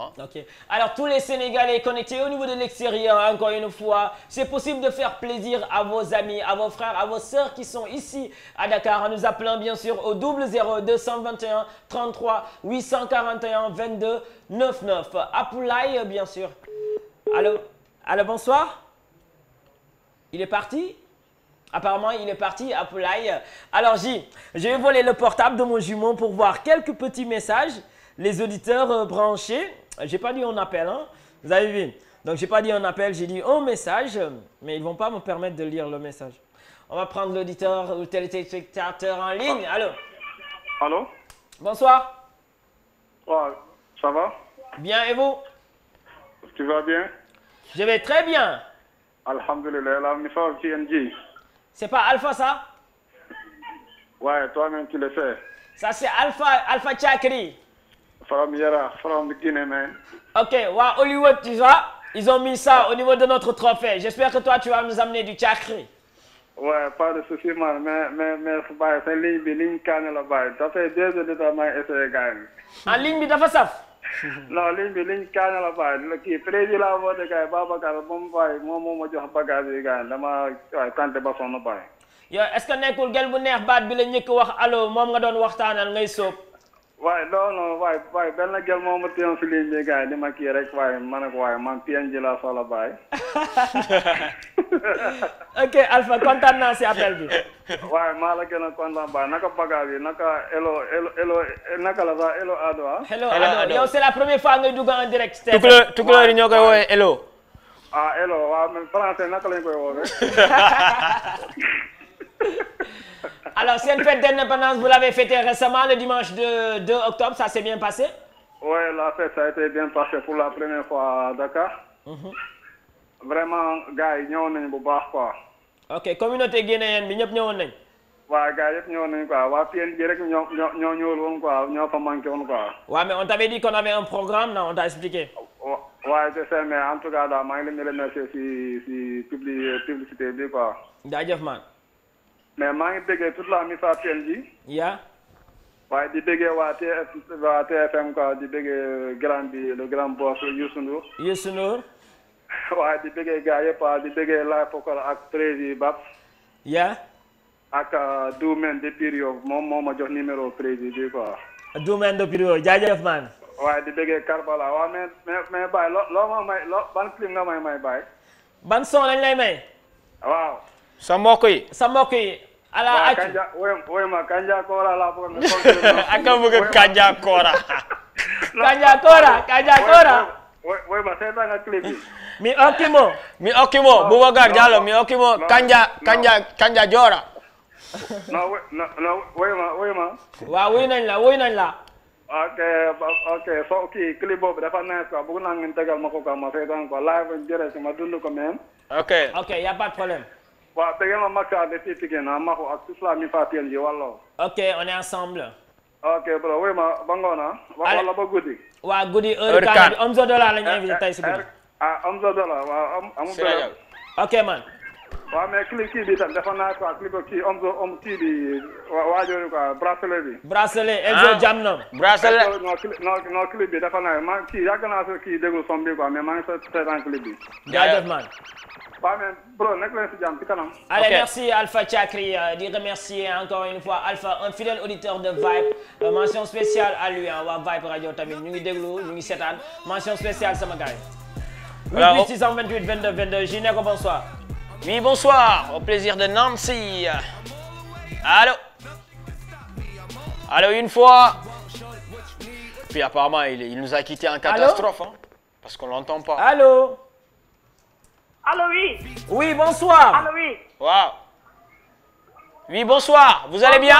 Alors, tous les Sénégalais connectés au niveau de l'extérieur, encore une fois, c'est possible de faire plaisir à vos amis, à vos frères, à vos 3 841 22 99. Apoulaye, bien sûr. Allô, allô, bonsoir. Il est parti Apparemment, il est parti à Poulaille. Alors, J, j'ai volé le portable de mon jumeau pour voir quelques petits messages. Les auditeurs euh, branchés, j'ai pas dit on appelle, hein? vous avez vu. Donc, j'ai pas dit un message, mais ils vont pas permettre de lire le message. On va prendre l'auditeur ou téléspectateur Ouais, oh, ça va Bien, et vous Tu vas bien Je vais très bien. Alhamdulillah, la mission TNG. C'est pas Alpha ça Ouais, toi-même tu le sais. Ça c'est Alpha, Alpha Chakri. From Yara, from Guinée, man. Ok, ouais, tu vois, ils ont mis ça au niveau de notre trophée. J'espère que toi tu vas nous amener du Chakri. Ouais, pas de souci, man. Mais, mais, mais, bah, c'est ligne, ligne canne la bail. Ça fait deux heures de temps, man, essayer ah, bi dafa saf. non, ligne, bi ligne canne la bail. Le qui, prédit la voix de ba Babacar, bon bail, moi, moi, moi, jox bagage yi gars, dama, ouais, tante ba son bail. Yo, est-ce que nekkul gel bu neex baat bi la ñëkk wax allo moom nga doon waxtaanal ngay sóob. waaye non non waaye waaye benn gel moo ma téyoon si ligne bi gars yi di ma kii rek waaye ma ne ko waaye man PNG laa soxla baay. ok Alpha kontaan naa si appel bi. waaye maa la gën a kontaan baay naka bagaas yi naka elo elo elo naka la sax elo Ado ah. elo Ado yow c'est la première fois ngay dugg en direct. tukulóor tukulóor yi ñoo koy woowee elo. ah elo waaw mais français naka lañ koy woowee. Alors, c'est une fête d'indépendance, vous l'avez fêtée récemment, le dimanche 2, 2 octobre, ça s'est bien passé Oui, la fête, ça a été bien passé pour la première fois à Dakar. Mm -hmm. Vraiment, gars, ils sont venus beaucoup. Ok, communauté guinéenne, ils sont venus waaw gars yëpp ñëwoon nañu quoi waa PNG rek ñoo ñoo ñoo ñëwul woon quoi ñoo fa manqué woon quoi. waaw mais on t'avait dit qu'on avait un programme non on t'a expliqué. waaw je sais mais en tout cas daal maa ngi leen di remercier si si publicité bi quoi. jaajëf man. mais maa ngi déggee toute la Mifapel ji. yaa. waaye di déggee waa TF waa TFM quoi di déggee euh, grand bi le grand boss Youssou Ndour. Youssou di déggee gars yëpp di déggee laay fokkal ak président Bab. yaa. ak euh, Doumène de Pirio moom moo ma jox numéro président bi quoi. de Pirio jaajëf man. waaye di déggee Karbala waaw mais mais mais Baye loo loo ma may loo ban film nga may may Baye. ban son lañ lay may. waaw. sa mbokk yi sa mbokk yi ala ac woyma kanja koora la fo aka bëgg kanja koora kanja koora kanja koora woyma seetanga clip bi mi okkimo mi okkimo Boubacar Diallo mi okkimo kanja kanja kanja joora no no woyma woyma waaw wuy nañ la wuy nañ la ok so kii clip boobu dafa neex quoi bëgg naa ngeen ma ko quoi ma seetaan quoi live ma dund ko même ok ok y a pas waaw tege ma makka de ti tigé na ma ko asisla mi fa tien ji wallo ok on est ensemble ok bro oui ma bangona wala la ba guddi waa a heure kan Omzo Dollar lañu invité tey si guddi ah, ah Omzo Dollar waaw am amu bëgg ok man waaw mais clip kii bi tam defoon naa quoi clip kii Omzo om kii bi waajooju quoi bracelet bi bracelet Exo ah. jam na bracelet non non clip bi defoon naa ma kii yàgg naa sa kii déglu son bi quoi mais maa ngi sa seetaan clip bi jaajëf waaw mais bro euh, di remercier encore une fois Alpha un fidèle auditeur de Vibe euh, mention spéciale à lui waa Vibe ngi déglu ñu ngi seetaan mention spéciale sama gars yi. waaw 88 628 22 22 Gineco bonsoir. oui bonsoir au plaisir de Nancy allô allô une fois puis Allô, oui. Oui, bonsoir. Allô, oui. Wow. Oui, bonsoir. Vous allez bien?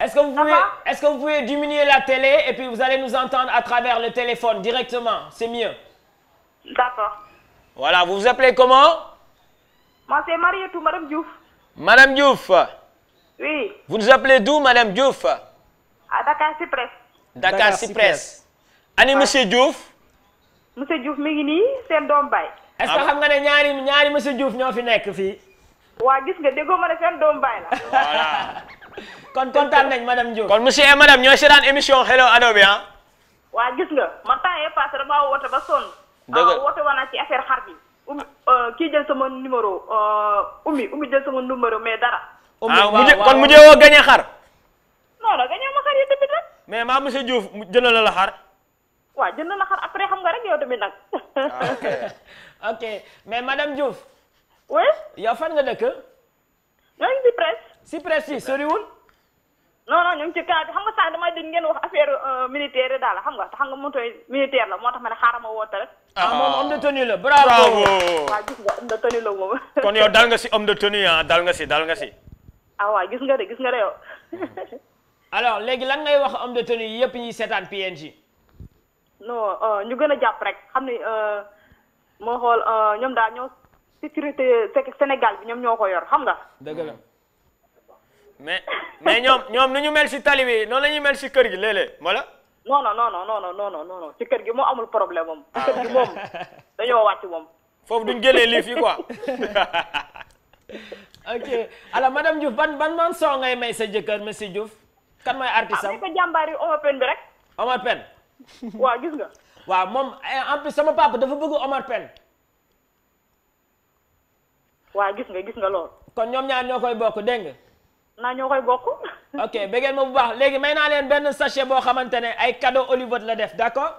est que vous pouvez est-ce que la télé et vous allez nous entendre à travers le téléphone directement, c'est mieux. D'accord. Voilà, vous vous appelez comment? Moi, c'est Marietou, Madame Diouf. Madame Diouf. Oui. Vous nous appelez d'où, Madame Diouf? À Dakar Cypress. Dakar Cypress. Ani monsieur Diouf? Monsieur Diouf mi ngi nii seen est-ce que ah, xam nga ne ñaari ñaari monsieur ñoo fi nekk fii. waa gis nga déggoo ma ne seen doom baay la. kon kontaan nañ madame Diouf. kon monsieur et madame ñooy seetaan émission Hello Ado bi ah. waa gis nga man temps yii passé damaa woote ba sonn. dëgg la ah, woote naa ci affaire xar bi. um euh, kii jël sama numéro euh, Oumy Oumy jël sama numéro mais dara. ah waaw kon mujjee woo gañe xar. non non gañe ma xar yi tamit nag. mais maa monsieur Diouf jëndal la xar. waaw jëndal la xar après xam nga rek yow tamit nag. Ah, ok mais madame Diouf. oui. yow fan nga dëkk. ñoo ngi Cyprès. Cyprès yi soriwul. non non ñu ngi ci cas xam nga sànq damay dégg ngeen wax affaire euh, militaire daal xam nga xam nga moto militaire la moo tax ma ne xaaral ma woote rek. ah, ah. moom homme de tenue la bravo. waaw gis nga homme de tenue la moom. kon yow dal nga si homme de tenue ah dal nga si dal nga si. ah waaw gis nga de gis nga de yow. alors léegi lan ngay wax homme de tenue yëpp ñuy seetaan PNG. non euh, ñu gën a jàpp re xam euh, moo xool euh, ñoom daal ñoo sécurité Sénégal bi ñoom ñoo ko yor xam nga. dëgg la mais mais ñoom ñoom nu ñu mel si tali bi noonu la ñuy mel si kër gi léeg-léeg wala. non non non non non non non non ci kër gi moo amul problème moom. ci kër gi moom ah. dañoo wàcc moom. foofu duñ jëlee lii fii quoi. ok alors madame ban ban man soo ngay may sa jëkkër monsieur Diouf. kan mooy artiste am ah ko jàmbaari Omar Pène bi rek. Omar Pène. waaw gis nga. waaw moom eh, en plus sama papa dafa bëgg Omar Pène waaw gis nga gis nga lool. kon ñoom ñaar ñoo koy bokk dégg nga. naa ñoo koy bokk. ok bëggeen ma bu baax léegi may naa leen benn sachet boo xamante ne ay cadeau Olivier la def d'accord.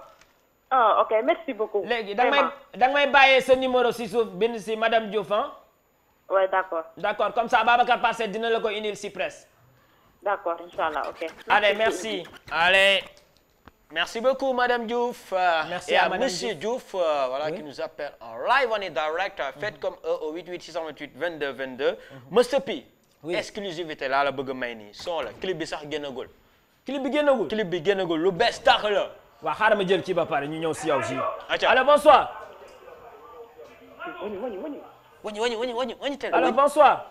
ah ok merci beaucoup. léegi da may da may bàyyee sa numéro si suuf bind si madame Diouf ah. oui d'accord. d'accord comme ça Babacar Passé dina la ko indil si presse. d'accord incha allah ok. merci allez. Merci beaucoup, Madame Diouf. Euh, Merci et à, à Monsieur Diouf, euh, voilà, qui nous appelle en live, on est a euh, Faites mm -hmm. comme eux au 88 628 22 22. Monsieur Pi, exclusivité laa la bëgg a may nii son la clip bi sax génnagul. clip bi génnagul clip bi génnagul lu bees tax la. waa xaaral ma jël kii ba pare ñu ñëw si yow si. atiwaat allo bonsoir. wàññi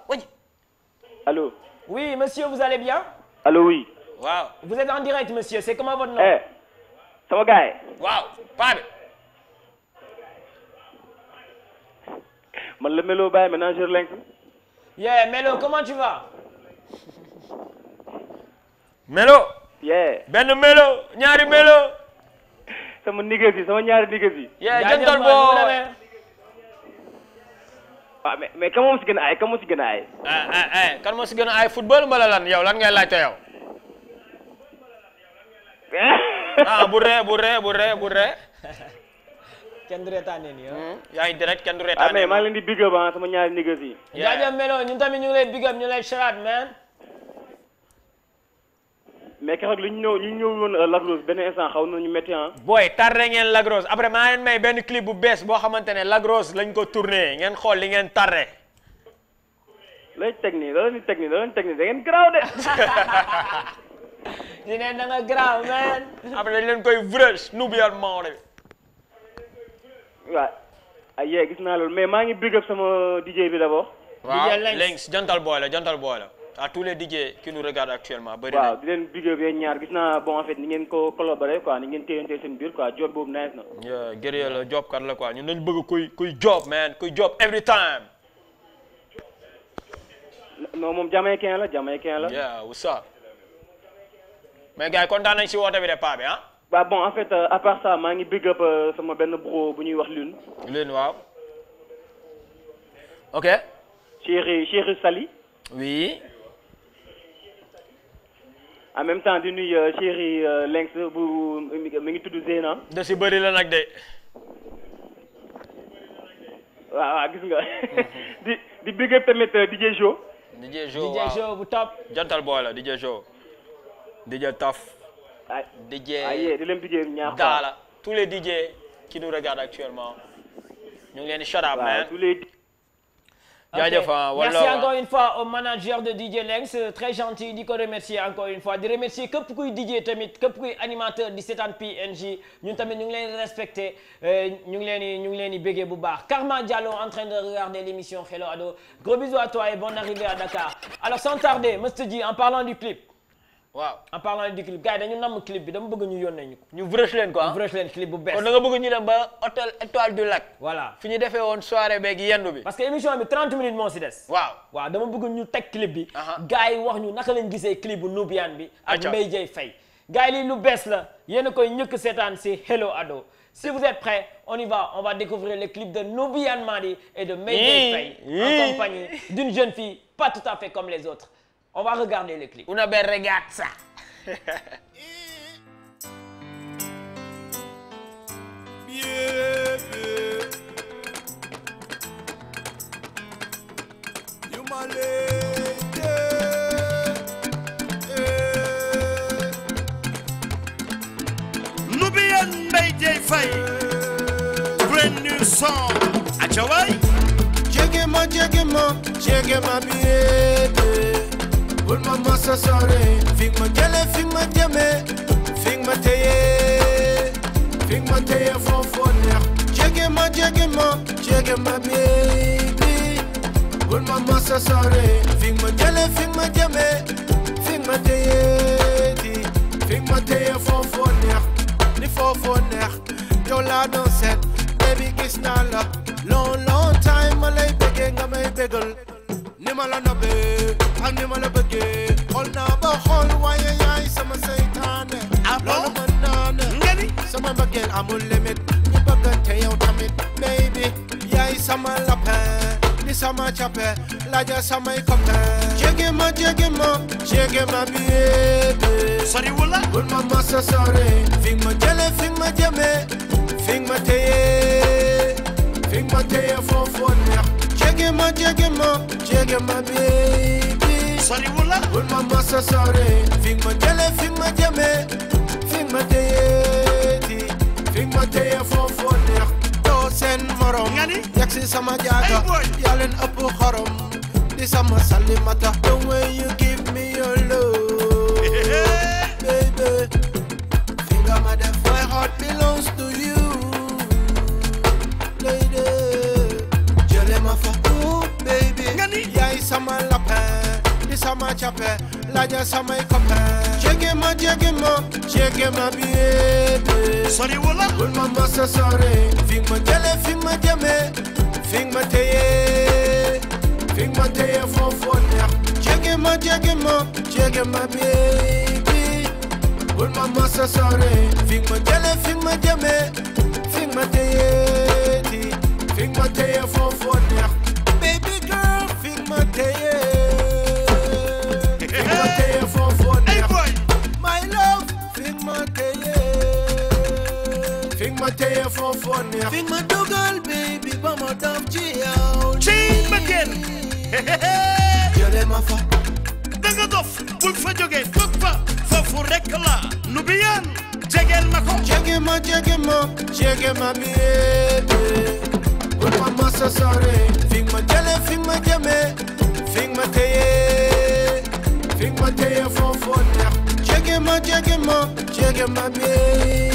wàññi oui monsieur vous allez bien. allô oui. vous êtes en direct monsieur c'est comment votre nom. Eh, sama gaay waaw paa man la Melo Baye ménageur link yeah Melo comment tu vas Melo yeah benn Melo ñaari Melo sama nigga si sama ñaari nigga si yeah jëndal boo waaw ah, mais mais moo si gën a aay kan moo si gën a aay kan moo si gën a aay eh, eh, eh, football lan yow lan ngay laajte yow ah bu ree bu ree bu ree bu ree. kenn du reetaane nii ah. Hmm. yaa ngi direct kenn du reetaane. ah mais maa leen di big up ah sama ñaari niggas yi. jaajëf Melo ñun tamit ñu ngi lay big up ñu lay sharaat man. mais keroog li ñu ñëw ñu ñëw woon euh, Lagros benn instant xaw nañu métti ah. booy tardé ngeen Lagros après maa may benn clip bu bees boo xamante ne Lagros lañ ko tourné ngeen xool li ngeen tardé. lay teg nii da teg nii da teg nii da ngeen de. ji ne da nga graw man après dañ leen koy vrèche nubial maa de waaw ay yee gis naa loolu mais maa ngi big up sama DJ bi d'abord waaw Lengs jantal boy la jantal boy la à tous les DJ qui nous regardent actuellement. bëri waaw big up yéen ñaar gis naa bon en ni ngeen ko collaborer quoi ni ngeen téyante seen biir quoi job boobu nice na. guerrier la job kat la quoi ñun dañu bëgg kuy kuy job man kuy job every time. non moom jamaïcain la jamaïcain la. yeah what's up. mais gars yi kontaan nañ si woote bi de paa bi ah. waaw bon en fait euh, à part ça maa ngi big up euh, sama benn bro bu ñuy wax Lune. Lune waaw. ok. chéri chéri Sali. oui. en même temps di nuy euh, chéri Lenx bu mi ngi tudd Zeyna. de si bëri la nag de. waaw waaw gis nga di di big up tamit DJ Jo. Jo waaw Jo bu top. jantal boy la Jo. DJ Taf. DJ Dala. Tous les DJ qui nous regardent actuellement. Nous les shut up, man. Okay. Ah, Merci encore une fois au manager de DJ Lengs très gentil di ko remercier encore une fois di remercier képp kuy DJ tamit képp kuy animateur di seetaan PNG ñun tamit ñu ngi leen respecté euh, ñu ngi leen di ñu ngi leen di béggee bu baax Karma Diallo en train de regarder l'émission Hello Ado gros bisous à toi et à Dakar alors sans tarder Mr. G en parlant du waaw en parlant du clip gars yi dañu namm clip bi dama bëgg ñu yónnee ñu ñu vrech leen quoi vrech ah. leen clip bu bees. kon da bëgg ñu dem ba hôtel étoile du lac. voilà fi ñu defee woon soirée beeg yendu bi. parce que émission bi 30 minutes moo si des. waaw waaw dama bëgg ñu teg clip bi. gars wax ñu naka lañ gisee clip bu Nubian bi. ak Mbaye Dieye Faye. gars yi lii lu bees la yéen a koy ñëkk seetaan si Hello Ado si vous êtes prêts on y va on va découvrir le clip de Nubian jeune fille pas tout à fait comme les On va regarder le clip. Una belle ragazza. Nubian Bay Day Fight. Brand new song. Achawai. Jiggy my, jiggy my, jiggy my baby. bul ma mos a sori ma jëlee fi ma jëmee fi ma téyee fi ma téyee foofu neex jege ma ma jege ma baby ma mos a ma jëlee fi ma jëmee fi ma téyee di ma téyee foofu neex ni foofu neex yow laa doon seet gis naa la long long time ma lay bëggee nga may ni ma la nobbee ak ni ma la bëggee xool naa ba xool waaye yaay sama seytaane loolu mën naa ne sama mbëggeel amul limite ñu bëggante yow tamit baby yaay sama lapin di sama cappe laaja samay copain jege ma jege ma jege ma baby sori wala bul ma masa sori fi nga ma jële fi nga ma jëme fi nga ma téye fi nga ma téye foofu neex jege ma jege ma jege ma baby soriwu la bul ma masa sore fi nga ma jële fi nga ma jëme fi nga ma téyeeti fi nga ma téye foofoo neex doo seen morom nga ni yegg si sama jaaga yaa leen ëpp xorom di sama salimata the way you give me your love baby fi nga ma def my heart belongs to you lady jële ma fa oh baby yaay sama la sama cappe laajal samay copain jege ma jege ma jege ma bébé sori wala bul ma masa sori fi ma jële fi ma jëme fi ma téye fi ma téye foofu neex jege ma jege ma jege ma bébé bul ma masa sori fi ma jële fi ma jëme fi ma téye fi ma téye foofu neex ma téye foofu neex. fi ma dugal baby ba ma taf ci yow. ci ma génn. jëlee ma fa. danga dof bul fa jógee toog fa foofu rek la nu bi yan jegeel ma ko. jege ma jege ma jege ma bébé bul ma masa sore fi ma jëlee fi ma jëmee fi ma téye fi ma téye foofu neex. jege ma jege ma jege ma bébé.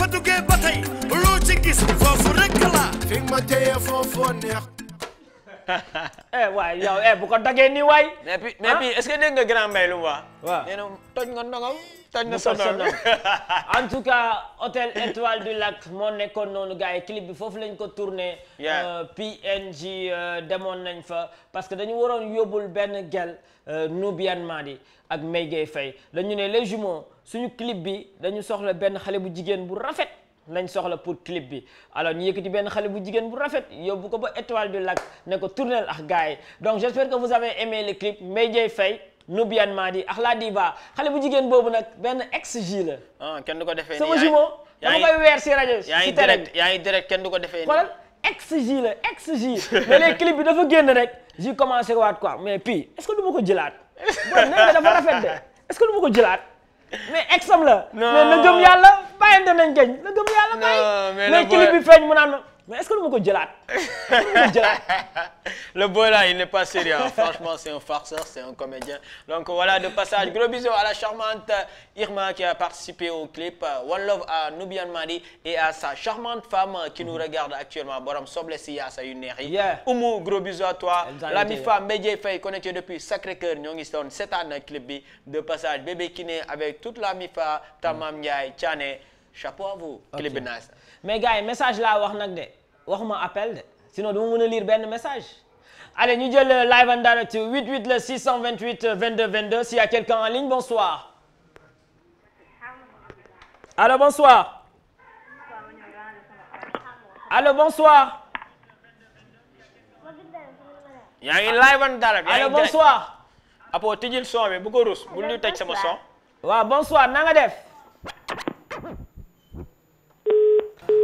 fa duggee ba tey loo ci gis foofu rek la fi ma téye foofoo neex eh waay yow eh bu ko dagee nii waay mais puis mais puis est-ce que dégg nga grand mbay lu mu wax waaw nee na toj nga ndongam en tout cas hôtel étoile du lac moo nekkoon noonu gars yi clip bi foofu lañ ko tourné euh, PNG euh, demoon nañ fa parce que dañu waroon yóbbul benn gel euh, Nubian Madi ak Maygay Faye dañu ne les jumeaux suñu clip bi dañu soxla benn xale bu jigéen bu rafet lañ soxla pour clip bi alors ñu yëkkati benn xale bu jigéen bu rafet yóbbu ko ba étoile du lac ne ko tournel ak gars yi donc j'espère que vous avez aimé le clip Mbaye Dieye Faye Nubian Madi ak la diva xale bu jigéen boobu nag benn ex la. ah kenn du ko defee nii sama jumeau dama koy weer si rajo si télé bi yaa ngi direct kenn du ko defee nii. ex ji la ex ji mais bi dafa génn rek ji commencé waat quoi mais puis est-ce que du ma ko jilaat bon dafa rafet de est-ce que du ma ko jëlaat. mais exam la. mais na gëm yàlla bàyyante nañ gañ na gëm yàlla bàyyi. mais clip bi feeñ mu naan. mais est-ce que lu ma ko jëlaat jëlaat le boy là il n'est pas sérieux franchement c'est un farceur c'est un comédien donc voilà de passage gros bisous à la charmante Irma qui a participé au clip euh, One Love à Nubian Madi et à sa charmante femme qui nous mm-hmm. regarde actuellement borom soble si yaasa yu neex yi Oumou gros bisous à toi l'ami femme Mbédié Faye connecté depuis Sacré-Cœur ñoo ngi doon seetaan clip bi de passage bébé Kiné avec toute la Mifa Tamam mm. Ndiaye Thiané chapeau à waxuma appel de sinon duma mën a lire benn message allez ñu jël euh, live and direct 88 le 628 22 22 s'il y a quelqu'un en ligne bonsoir allô bonsoir allô bonsoir yaa ngi live and direct allô bonsoir apo tijil son bi bu ko rus bu ñu tëj sama son waaw bonsoir na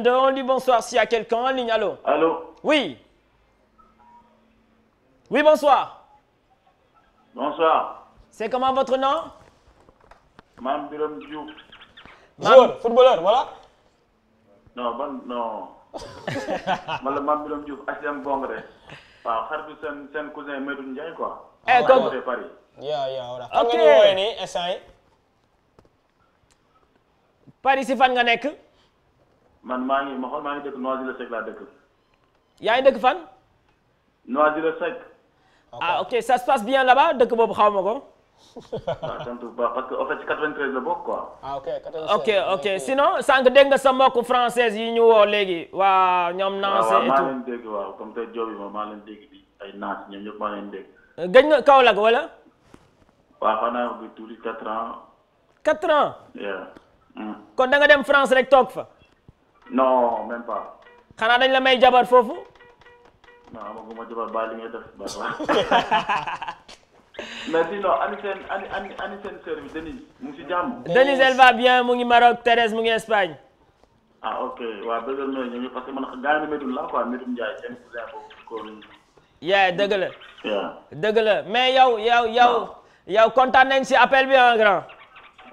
Pendo, on dit bonsoir y a quelqu'un en ligne. Allô? Allô? Oui. Oui, bonsoir. Bonsoir. C'est comment votre nom? Mam Biram Diouf. Joueur, footballeur, voilà. non ban non man la Mame Birame Diouf HLM Bongre waaw xaritu seen seen cousin Medoune Ndiaye quoi. eh kooku de Paris. yaa yaa wala fan nga ñu woowee nii instant yi. Paris si fan nga nekk. man maa ngi ma xool maa ngi dëkk Noisy-le-Sec laa dëkk. yaa ngi dëkk fan. Noisy-le-Sec. ah ok sa se passe bien là-bas dëkk boobu xaw ma ko. waaw ah, sant bu baax parce que en fait ci bokk quoi. ah ok sànq dégg nga sa mbokk française yi ñu woo léegi waa ñoom. Ah, Nancy et tout waaw maa leen dégg waaw comme tey Diop maa leen dégg bi ay Nancy ñoom ñëpp maa leen dégg. gëj nga Kaolack wala. waaw xanaa bi tuuti 4 ans. 4 ans. Mm. kon danga dem France rek toog fa. non même pas. xanaa dañ la may jabar foofu. non amaguma jabar ba li ngay def baax mais sinon ani seen ani ani ani seen sœur si jàmm. Denise elle bien mu ngi Maroc Thérèse mu ngi Espagne. ah ok waaw bëgg naa ñëw parce que man gars yi Médoune la quoi Médoune Ndiaye seen cousin boobu ko. yaa dëgg la. yaa dëgg la mais yow yow yow. Ah. yow kontaan nañ si appel bi en grand.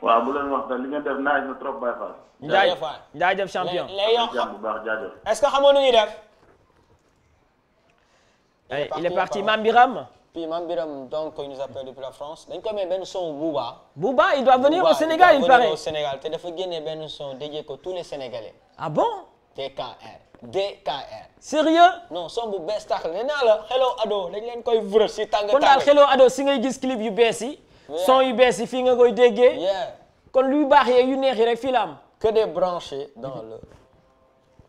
waaw bu leen wax li ngeen def naaj na trop Baye Fall. jaajëf waay jaajëf champion est-ce que xamoon nañu def. Eh, il est parti Mam Biram. puis Mam Biram donc il nous appelle depuis la France dañ ko amee benn son Bouba. Bouba il doit venir au Sénégal il paraît. au Sénégal te dafa génne benn son dédié ko tous les Sénégalais. ah bon. DKR DKR. sérieux. non son bu bees tax nee naa la Hello Ado dañ leen koy vërës si tàng kon daal Hello si ngay gis clip yu bees yi. son yu bees yi fii nga koy déggee. kon luy baax yeeg yu neex yi rek fii la que des branchés dans le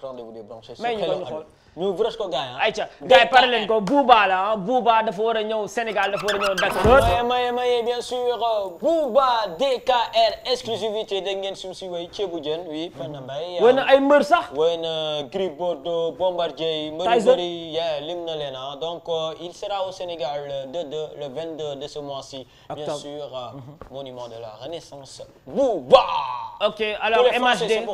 rendez-vous des branchés. mais ñu ko ñu xool ñu broche ko gars yi ah. ayca gars yi pare leen ko Bouba la ah. Bouba dafa war a ñëw Sénégal dafa war a ñëw Dakar. maye maye bien sûr Bouba DKR exclusivité da ngeen sum way ceebu jën oui Penda mhm. Mbaye. Ah. woy na ay mbër Bombardier. Tyson mbër yi bëri lim donc euh, il sera au Sénégal le 2 le de ce mois-ci. bien sûr euh, mhm. monument de la Renaissance Bouba. ok alors MHD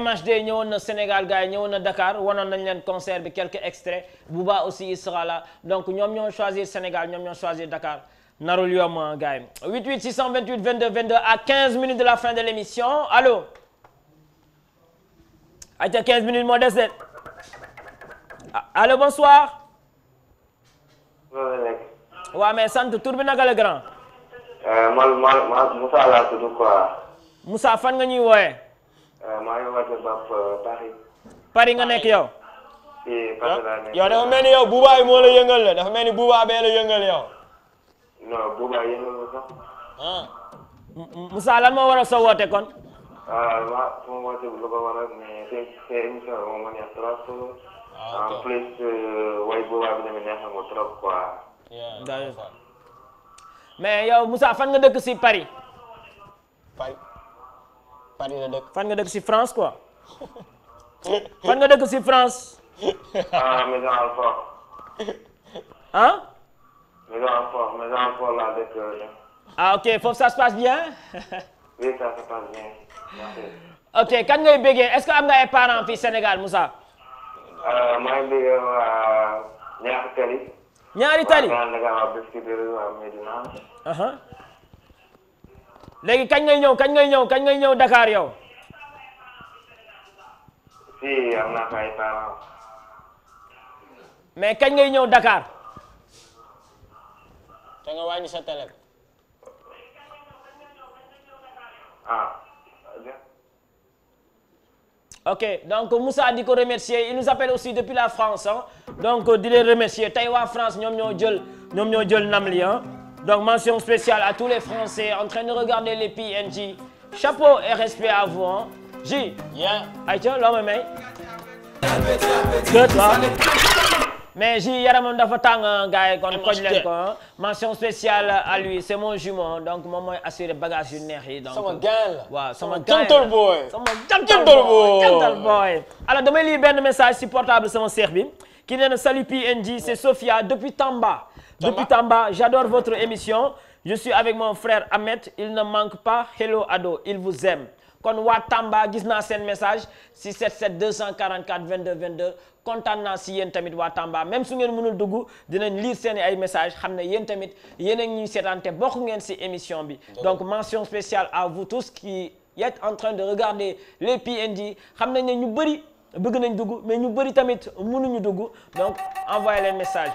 MHD ñëwoon na Sénégal gars yi na Dakar wanoon nañ leen concert de quelques extraits Bouba aussi il sera là donc ñoom ñoo choisir Sénégal ñoom ñoo choisir Dakar narul yomb euh, gars yi 88 628 22 22 à 15 minutes de la fin de l'émission allo ayca 15 minutes moo des de ah, allo bonsoir. waaw mais sant tur bi naka la grand. Euh, man man Moussa laa tudd quoi. Moussa fan nga ñuy wooyee. Euh, maa ngi woote ba Paris. Paris nga nekk yow. yow dafa mel ni yow buubaay moo la yëngal la dafa mel ni buubaa bee la yëngal yow. non buubaa yëngal la lan moo waral sa woote kon. ah waaw sama woote bu quoi. mais yow Moussa fan nga dëkk si Paris. fan nga dëkk si France quoi. fan nga dëkk si France. ah maison Alfort. ah. maison Alfort maison Alfort laa dëkk. Euh, ah ok foofu ça se passe bien. oui ça se passe bien. merci. ok kan ngay bëggee est-ce que am nga ay parents fii Sénégal Moussa. maa ngi bëgg waa ñaari tali. ñaari tali waaw daanaka waa Biscuiterie waa Médina. Uh-huh. léegi kañ ngay ñëw kañ ngay ñëw kañ ngay ñëw Dakar yow. si am naa fa ay parents. mais kañ ngay ñëw Dakar. te nga wàññi sa télé. ok donc Moussa di ko remercier il nous appelle aussi depuis la France hein? donc euh, di leen remercier tey waa France ñoom ñoo jël ñoom ñoo jël nam li donc mention spéciale à tous les Français en train de regarder les PNJ chapeau et respect à vous hein? J. Yeah. ayca loo may may. mais ji yaramam dafa tàng gars yi kon koñ leen ko spéciale à lui c'est mon jumeau donc moom mooy assurer bagage yu neex yi donc sama gain la waaw sama gain jantal boy alors damay lire benn message si portable sama seex bi ki nee na salut PNJ c'est Sophia depuis Tamba depuis Tamba j'adore votre émission je suis avec mon frère Ahmed il ne manque pas hello ado il vous aime kon waa Tamba gis naa seen message si 77 244 22 22 kontaan naa si yéen tamit waa Tamba même su ngeen mënul dugg dinañ lire seen ay message xam na yéen tamit yéen a ngi ñuy seetaan te bokk ngeen si émission bi. donc mention spéciale à vous tous qui êtes en train de regarder les PNJ xam nañ ne ñu bëri bëgg nañ dugg mais ñu bëri tamit mënuñu dugg donc envoyé leen message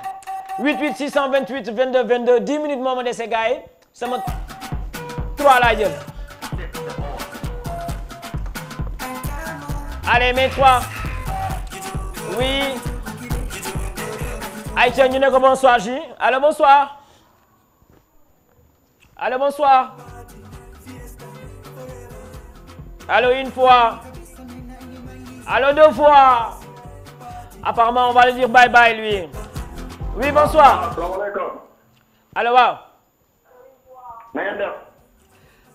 88 628 22 22 10 minutes moo ma dese gars yi sama 3 laa jël. allez mets-toi oui Aïcha ñu ne ko bonsoir ji allô bonsoir allô bonsoir allô une fois allô deux fois apparemment on va lui dire bye bye lui oui bonsoir allô waaw.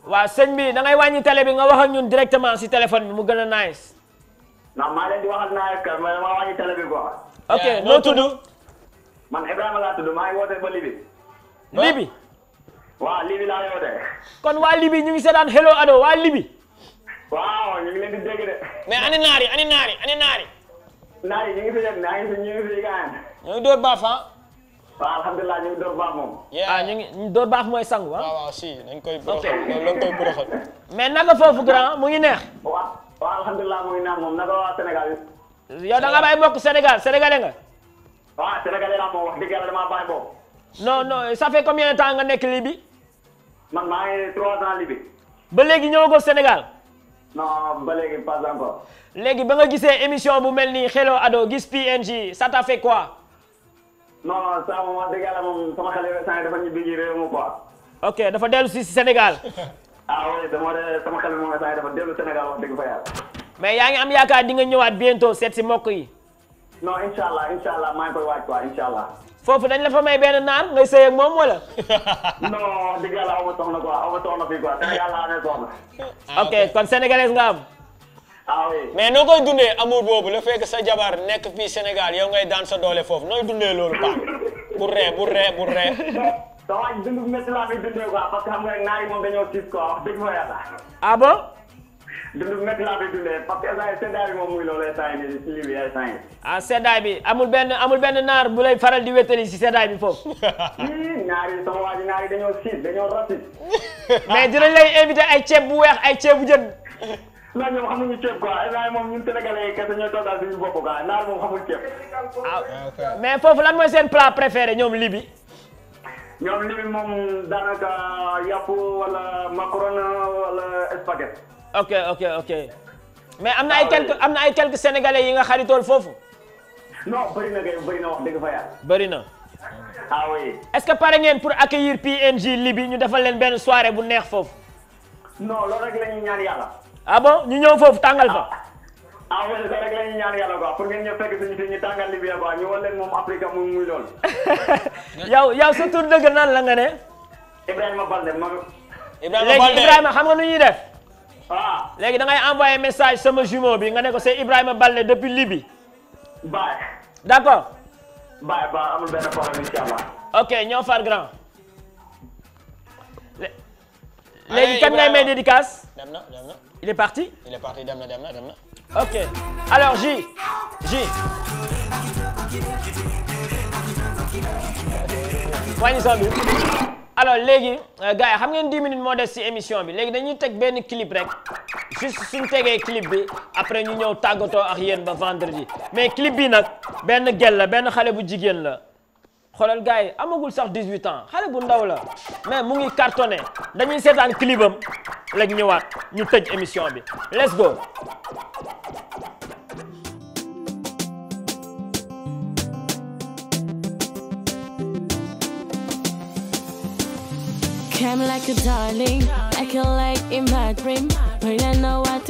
waaw sëñ bi da ngay wàññi télé bi nga wax ak ñun directement si téléphone bi mu gën a nice. ndax maa leen di waxal naa ak kër ma ma wàññi télé bi quoi. ok noo tudd. man Ibrahima laa tudd maa ngi ba Libi. Libi. waaw Libi laa ngi kon waa Libi ñu ngi seetaan hello ado waa Libi. waaw ñu ngi leen de. mais ani naari ani naari ani fi dégg naa ngi fi ñu ngi fi door baaf ah. waaw alhamdulilah ñu door baaf moom. ah ñu door baaf mooy sangu ah. si dañ koy. ok loolu lañ foofu grand mu ngi neex. waaw alhamdulilah muy naan moom naka waa Sénégal yi. yow da nga bàyyi mbokk Sénégal sénégalais nga. waaw sénégalais laa moom wax dëgg yàlla damaa bàyyi boobu. non non ça fait combien de temps nga nekk Libye. man maa ngi trois ans Libye. ba léegi ñëwagoo Sénégal. non ba léegi pas encore. léegi ba nga gisee émission bu mel nii Hello Ado gis PNJ ça t'a fait quoi. non ça moom wax dëgg yàlla moom sama xale yi dafa ñibbi ji réew mi quoi. ok dafa dellu si Sénégal. ah oui dama de sama xel moom dafa dellu Sénégal wax dëgg fa mais yaa ngi am yaakaar di nga ñëwaat bientôt seet si mbokk yi. non incha allah incha allah maa ngi koy foofu dañ la fa may benn naar ngay sëy moom wala. non dëgg yàlla aw ma soxna quoi aw ma soxna fii quoi Sénégal laa amee soxna. Ah, ok kon sénégalais nga am. ah mais noo koy dundee a boobu la fekk sa jabar nekk fii Sénégal yow ngay daan sa doole foofu nooy dundee loolu quoi. bu ree bu sa waaj dund bu métti laa koy dundee quoi parce que xam nga rek naar yi moom dañoo tiit quoi wax dëgg fa yàlla. ah bon. dund bu métti laa koy dundee parce que instant seddaay bi moom muy loolu instant yii nii ci lii bi instant yii. ah seddaay bi amul benn amul benn naar bu lay faral di wétali si seddaay bi foofu. ii naar yi sama waaj naar yi dañoo tiit dañoo ratit. mais dinañ lay invité ay ceeb bu weex ay ceeb bu jën. naar ñoom xamuñu ceeb quoi naa moom ñun sénégalais yi kese ñooy toogal suñu bopp quoi naar moom xamul ceeb. Ah, mais foofu lan mooy seen plat préféré ñoom libi ñoom li moom daanaka yàpp wala macaroni wala spaghetti. ok ok ok mais am na ay ah, quelques am na ay quelques sénégalais yi nga xaritool foofu. non bëri na kay bëri wax dëgg fa yàlla. bëri na. Ah, est pare ngeen pour accueillir PNJ Libi ñu defal leen benn soirée bu neex foofu. non loolu rek la ñaan yàlla. ah bon ñu ñëw foofu tàngal fa. Ah. ah oui sax rek la ñu tàngal Libya quoi ñu wan leen moom Afrique la nga ne. Ibrahima Balde ma. Ibrahima xam nga nu ñuy def. waaw ah. léegi da ngay envoyé message sama jumeau bi nga ne ko c'est Ibrahima Balde depuis Libye. d'accord. baax baax amul benn problème incha allah. ok ñoo far grand. léegi Il est parti Il est parti, dem na dem na dem na. ok alors bi alors léegi euh, gars yi xam ngeen 10 minutes moo des ci émission bi léegi dañuy teg benn clip rek juste suñu tegee clip bi après ñu ñëw tàggatoo ak yéen ba vendredi mais clip bi nag benn gel la benn xale bu jigéen la. xoolal gars yi amagul sax 18 ans xale bu ndaw la mais mu ngi cartonné dañuy seetaan clipam lañ ñëwaat ñu tëj émission bi let's go. a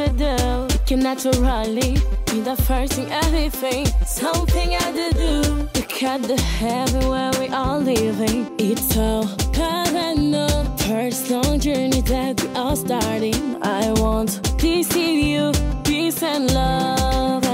I like you naturally. Be the first everything, something I did do. You cut the heaven where we are living. It's all kind of no personal journey that I want peace in you, peace and love.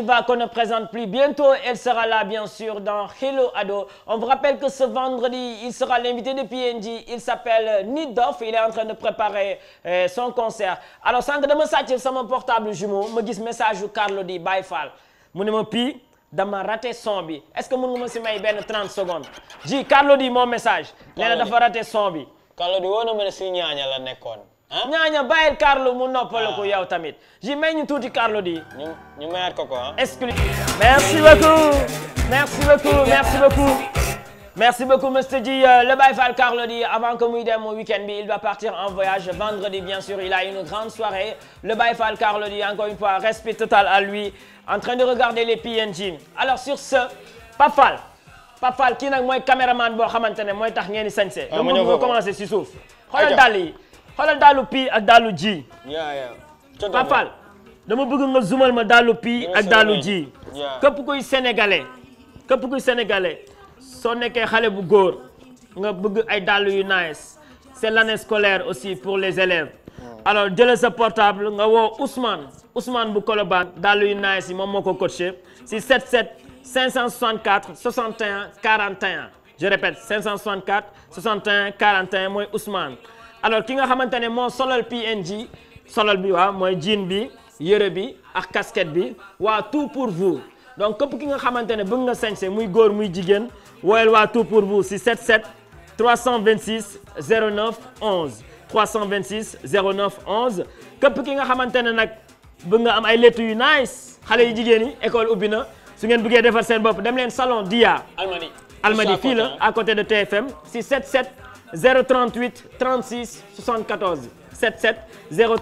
diva qu'on ne présente plus bientôt. Elle sera là, bien sûr, dans Hello Ado. On vous rappelle que ce vendredi, il sera l'invité de PNJ. Il s'appelle Nidoff. Il est en train de préparer euh, son concert. Alors, sànq dama sàcc sama portable jumeau ma gis message yu Carlo di Baye Fall mu ne ma pii dama raté son bi est-ce que mën nga ma si may benn 30 secondes ji Carlo di mon message. nee na ne si ñaaña la nekkoon. Ah? ñaaña bàyyil Carlou mu noppalu ko ah. yow tamit ji may ñu tuuti Carlou di. ñu ñu mayaat ko ko ah. merci beaucoup merci beaucoup merci beaucoup. Merci beaucoup monsieur Di le Baye Fall Carlou D avant que muy dem week-end bi il va partir en voyage vendredi bien sûr il a une grande soirée le Baye Fall Carlou D encore une fois respect total à lui en train de regarder les PNJ alors sur ce Pape Fall Pape Fall kii nag mooy caméraman boo xamante ne mooy tax ngeen di sañse ah, donc mu commencer si suuf xoolal dàll yi xoolal daalu pii ak daalu ji. Papal dama bëgg nga zumal ma daalu pii ak daalu ji. képp kuy sénégalais képp kuy sénégalais soo nekkee xale bu góor nga bëgg ay daalu yu nice c'est l'année scolaire aussi pour les élèves. Hmm. alors jëlal sa portable nga woo Ousmane Ousmane bu Colobane daalu yu nice yi moom moo ko coaché si 77 564 61 41 je répète 564 61 41 mooy Ousmane. alors ki nga xamante ne moo solal PNG solal bi waa mooy jiin bi yëre bi ak casquette bi waa tout pour vous donc képp ki nga xamante ne bëgg nga sañse muy góor muy jigéen woyal waa tout pour vous si 77 326 09 11 326 09 11 képp ki nga xamante ne nag bëgg nga am ay lettres yu nice xale yu jigéen yi école ubbi na su ngeen bëggee defar seen bopp dem leen salon Dia. Almadi Almadi fii la à côté de TFM si 77. 038 36 74 77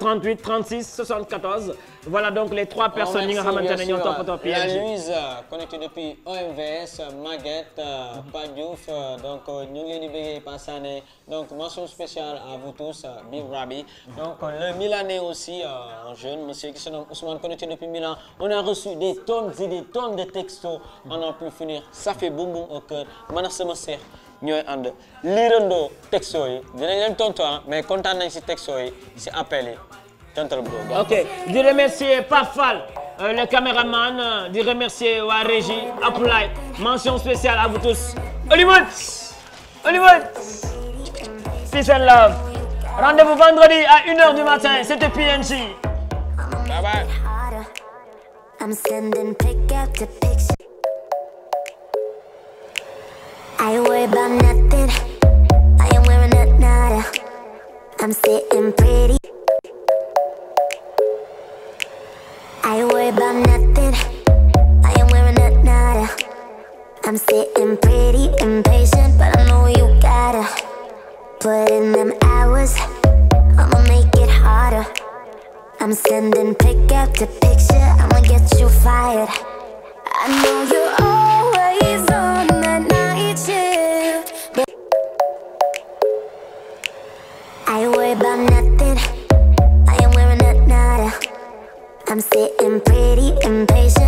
038 36 74 voilà donc les trois personnes yi nga xamante ne ñoo toppatoo PNG. la Louise connectée euh, depuis OMVS euh, Maguette euh, donc ñu ngi leen di bëggee Passane donc mention spéciale à vous donc le aussi un jeune monsieur qui se nomme Ousmane connecté man ak sama ñooy ànd liirandoo texto yi dinañ leen tontu ah, kontaan nañ si texto yi si appel yi jantal bu doon. ok di remercier Pape Fall euh, le caméraman euh, di remercier waa régie Apulaay mention spéciale à vous tous. Hollywood Hollywood peace and love rendez-vous vendredi à une heure du matin c'était PNJ. bye bye. I ain't worried about nothing. I am wearing a nada. I'm sitting pretty. I ain't worried about nothing. I am wearing a nada. I'm sitting pretty, impatient, but I know you gotta put in them hours. I'ma make it harder. I'm sending pick up to picture. I'ma get you fired. I know you're always on. worry about nothing I am wearing a nada I'm sitting pretty impatient